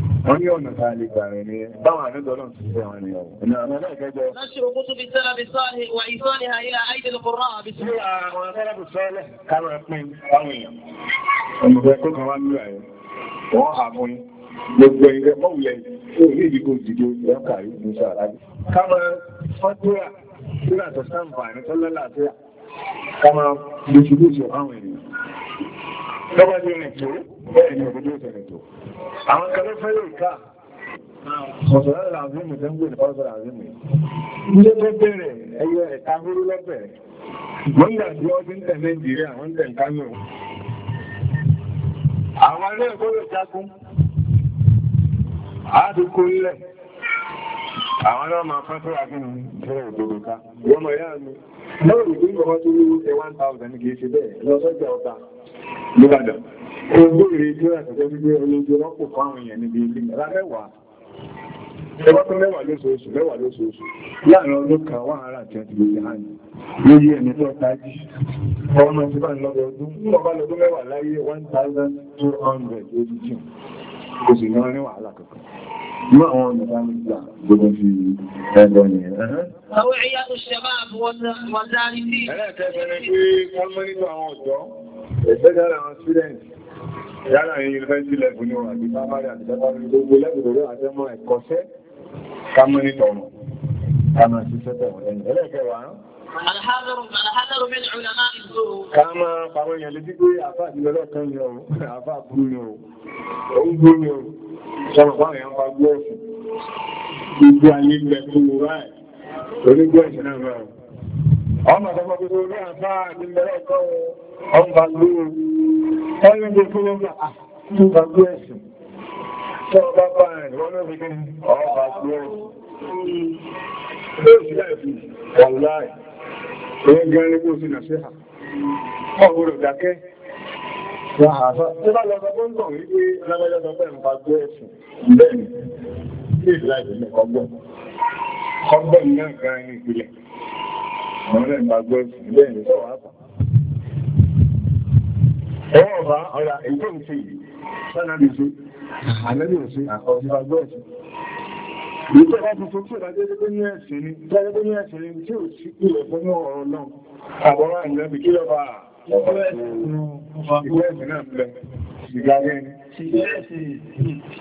wọ́n ní ọ̀nà tàà lè gbà rẹ̀ ní báwọn àrídọ́lọ́ ti fẹ́ wọn ni ọ̀wọ̀. Ìnà àwọn ẹlẹ́gẹ́jọ́. Nọ́ṣìrò kó tó fi sẹ́lá bí sọ́ọ̀lẹ̀ wà ìsọ́ọ̀lẹ̀ àyílá àìdẹ̀lù kọ̀rọ̀ àbí sí àwọn ẹlẹ́bù sọ́ọ̀lẹ̀ káwọn ẹ̀pin báwọn èèyàn. Ọmọdé kó kan wá ń lù àyè. Wọ́n hà fún gbogbo ẹgbẹ́ mọ́wùlẹ̀ orí ìdíkò dìde lọ́kà yìí ní sàrájú. Káwọn fọ́túrà túrà tó sáǹfà ní tọ́lọ́lá lọ́wọ́ ní orin tó bẹ́ẹ̀ ni òdodo ìṣẹ̀lẹ̀ tó àwọn kan ló fẹ́lẹ̀ ìka ọ̀sọ̀rọ̀ làzímù tó ń gbé ọ̀sọ̀rọ̀ làzímù ilé tó bẹ̀rẹ̀ ẹyẹ ẹ̀ka húrú lọ́bẹ̀rẹ̀ wọ́n gbà tí ọdún tẹ̀ nàìjíríà wọ́n tẹ̀ ń kánò àwọn ilé ẹ̀kọ́ lè jákún àdúkú ilẹ̀ àwọn náà máa fẹ́ tó àgbẹ̀nù fẹ́rẹ̀ òdodo ká wọ́n mọ̀ yára mi lọ́rùn ìgbìmọ̀ wọn tó ní 1000 kìí ṣe bẹ́ẹ̀ lọ́sọ́jà ọ̀tá Nígbàdàn. Ogún ìrìn tí ó rà tẹ́jọ́ wípé olóòjò rọ́pò fáwọn èèyàn níbi ilé mẹ́ra mẹ́wàá. Ẹgbẹ́ tó mẹ́wàá lóṣooṣù, mẹ́wàá lóṣooṣù. Láàrin ọdún kan wà ara àti àti ìgbè hàn. Lóyí ẹni tó tají. Ọmọ ti bá ń lọ́dọ̀ ọdún. Mọ̀ bá lọ́dún mẹ́wàá láyé 1,200 ojújì. Kò sì náà ní wàhálà kankan. Mọ́ àwọn ọmọ bá ń gbà gbogbo fi ẹgbọ́n ni ẹ̀. Àwọn ẹ̀yà òṣèlú àbúwọ́n ẹgbẹ́ dára àwọn students yára ní university level ní wọn àti primary àti secondary gbogbo level lórí àtẹ́mọ́ ẹ̀kọ́ṣẹ́ kámúnì tọ̀nù kámà ṣiṣẹ́ tẹ̀wọ̀n lẹ́yìn ẹlẹ́kẹwàá Káàmà pàwọn èèyàn lè dígbé àfá ìlọ́lọ́ kan ní ọ̀rọ̀, àfá burú ní ọ̀rọ̀, òun burú ní ọ̀rọ̀, ṣọ́nà pàwọn èèyàn pa gbọ́ ọ̀sùn, gbogbo ayé ilẹ̀ tó wò ráì, onígbọ́ ìṣẹ́ náà rọrùn. Ọmọ àtọ́gbọ́ gbogbo orí àfá ìlọ́lọ́ kan ọmọbàgbé ẹ̀rìnlẹ̀ fún lọ́gbà tó bàgbé ẹ̀sìn tó ọba bá rẹ̀ wọ́n lọ́gbà ọmọbàgbé ẹ̀sìn ọ̀láì ẹ̀yẹ gẹ́rẹ́ bó sí nàṣíhà ọgbọ̀rọ̀ dákẹ́ Tí bá lọ sọpọ̀ ń tàn wípé lábẹ́jọ́ sọpẹ́ ń bá gbé ẹ̀sùn bẹ́ẹ̀ ni, tí ìlà ìdílé ọgbọ̀n. Ọgbọ̀n náà gan-an ní ìpìlẹ̀. Àwọn ẹ̀mà gbé ẹ̀sùn bẹ́ẹ̀ ni sọ́wọ́ àpá ọwọ́ ọba ọ̀rà èyí ń ṣe yìí sọ́nà lè ṣe àlẹ́lẹ́ òṣè ọ̀dìbàgbọ́ ẹ̀sìn ìjọ bá tuntun tí ó dájé tó ní ẹ̀sìn ni dájé tó ní ẹ̀sìn ni tí ó sì kú ẹ̀fọ́ ní ọ̀rọ̀ náà àbọ̀rọ̀ ìrẹ́bì kí lọ́ba ìgbẹ́ ẹ̀sìn náà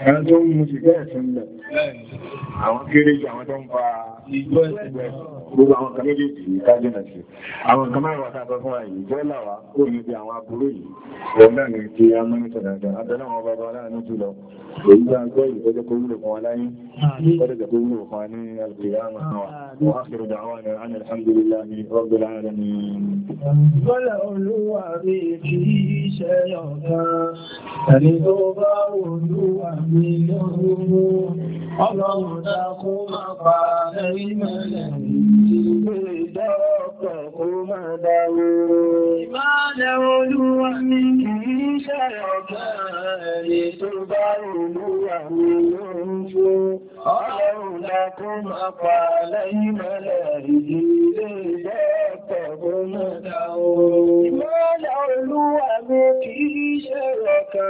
Àwọn tó ń mú sí bẹ́ẹ̀ sí Àwọn kéré àwọn tó ń fa igbó ẹ̀sìgbẹ̀ gbogbo àwọn kan méjì sí kájínà sí. Àwọn kan máa wà sáfẹ́ fún àyè ìjọ́là wá kó ní bí àwọn aburú yìí. Wọ́n náà ní kí a mọ́ nítorí àjọ. àwọn bàbá aláàánú bá gbọ́ ìtọ́jọ́ kó wúlò fún wa láyé. Kọ́dọ̀jọ́ kó wúlò fún wa ní alùpùpù àwọn àni alhamdulillahi rabbil alamin. Bọ́lá olúwa rí kì Ẹni tó bá wò ló wà ní lọ́rùn Ọlọ́run dákún máa pa ẹ̀rímọ̀lẹ̀ ìlú ìdọ́ọ̀pọ̀ ó máa dáwó. Ìbálẹ̀ olúwa ní kìí ṣẹ̀rọ̀ ọ̀gá ẹ̀yẹ tó bá olúwa ní lórí fún. Ọlọ́run dákún máa olúwa ní kìí ṣẹ̀rọ̀ ọ̀gá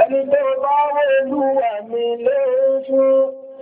ẹni tó bá wọ́n olúwa mi lóṣùú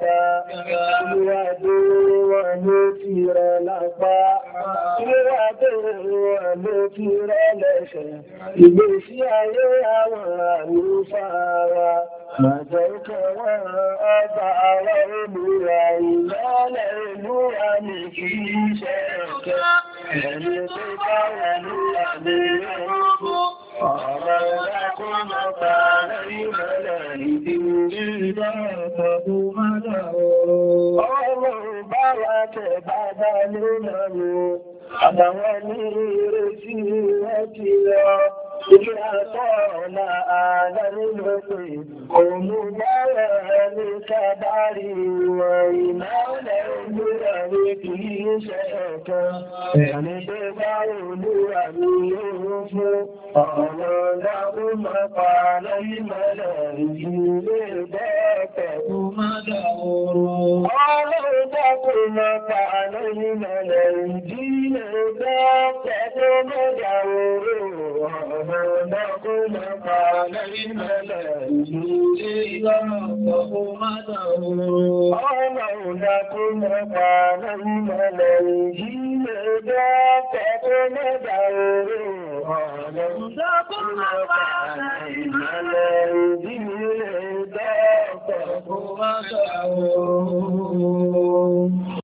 lápá, olúwa bèèrè wọn ló ti rẹ lápá, olúwa bèèrè wọn ló ti rẹ lẹ́sẹ̀, ìgbésí ayé àwọn àlúfàára, màjọ kẹwọ́n ọba àwọn olúwa ìlọ́lẹ̀ olúwa ní kí iṣẹ́ ẹ̀kẹ́, ẹni tó káwọn olúwa bèèrè ọ̀rọ̀ lákọ́ mọ́ta lẹ́yìnlẹ̀ ìdíwé ìdáàbàbò mọ́ta ọ̀rọ̀ ọ̀rọ̀ bá wà tẹ̀ bàbá lónà lọ àbàwọn ní eré tí wọ́n ti lọ الأطعم آل العقيم قوم بيان كبار وإمام الجرم فيه شيكا فلتبع لأبيه قالوا لهم قال الملائكة لذاكهما دور قالوا لهم قال الملائكة لذاكهما دور لكم قال الملأ إذا فهمته قالوا لكم قال الملأ إذا فهمته قالوا لكم قال الملأ إذا فهمته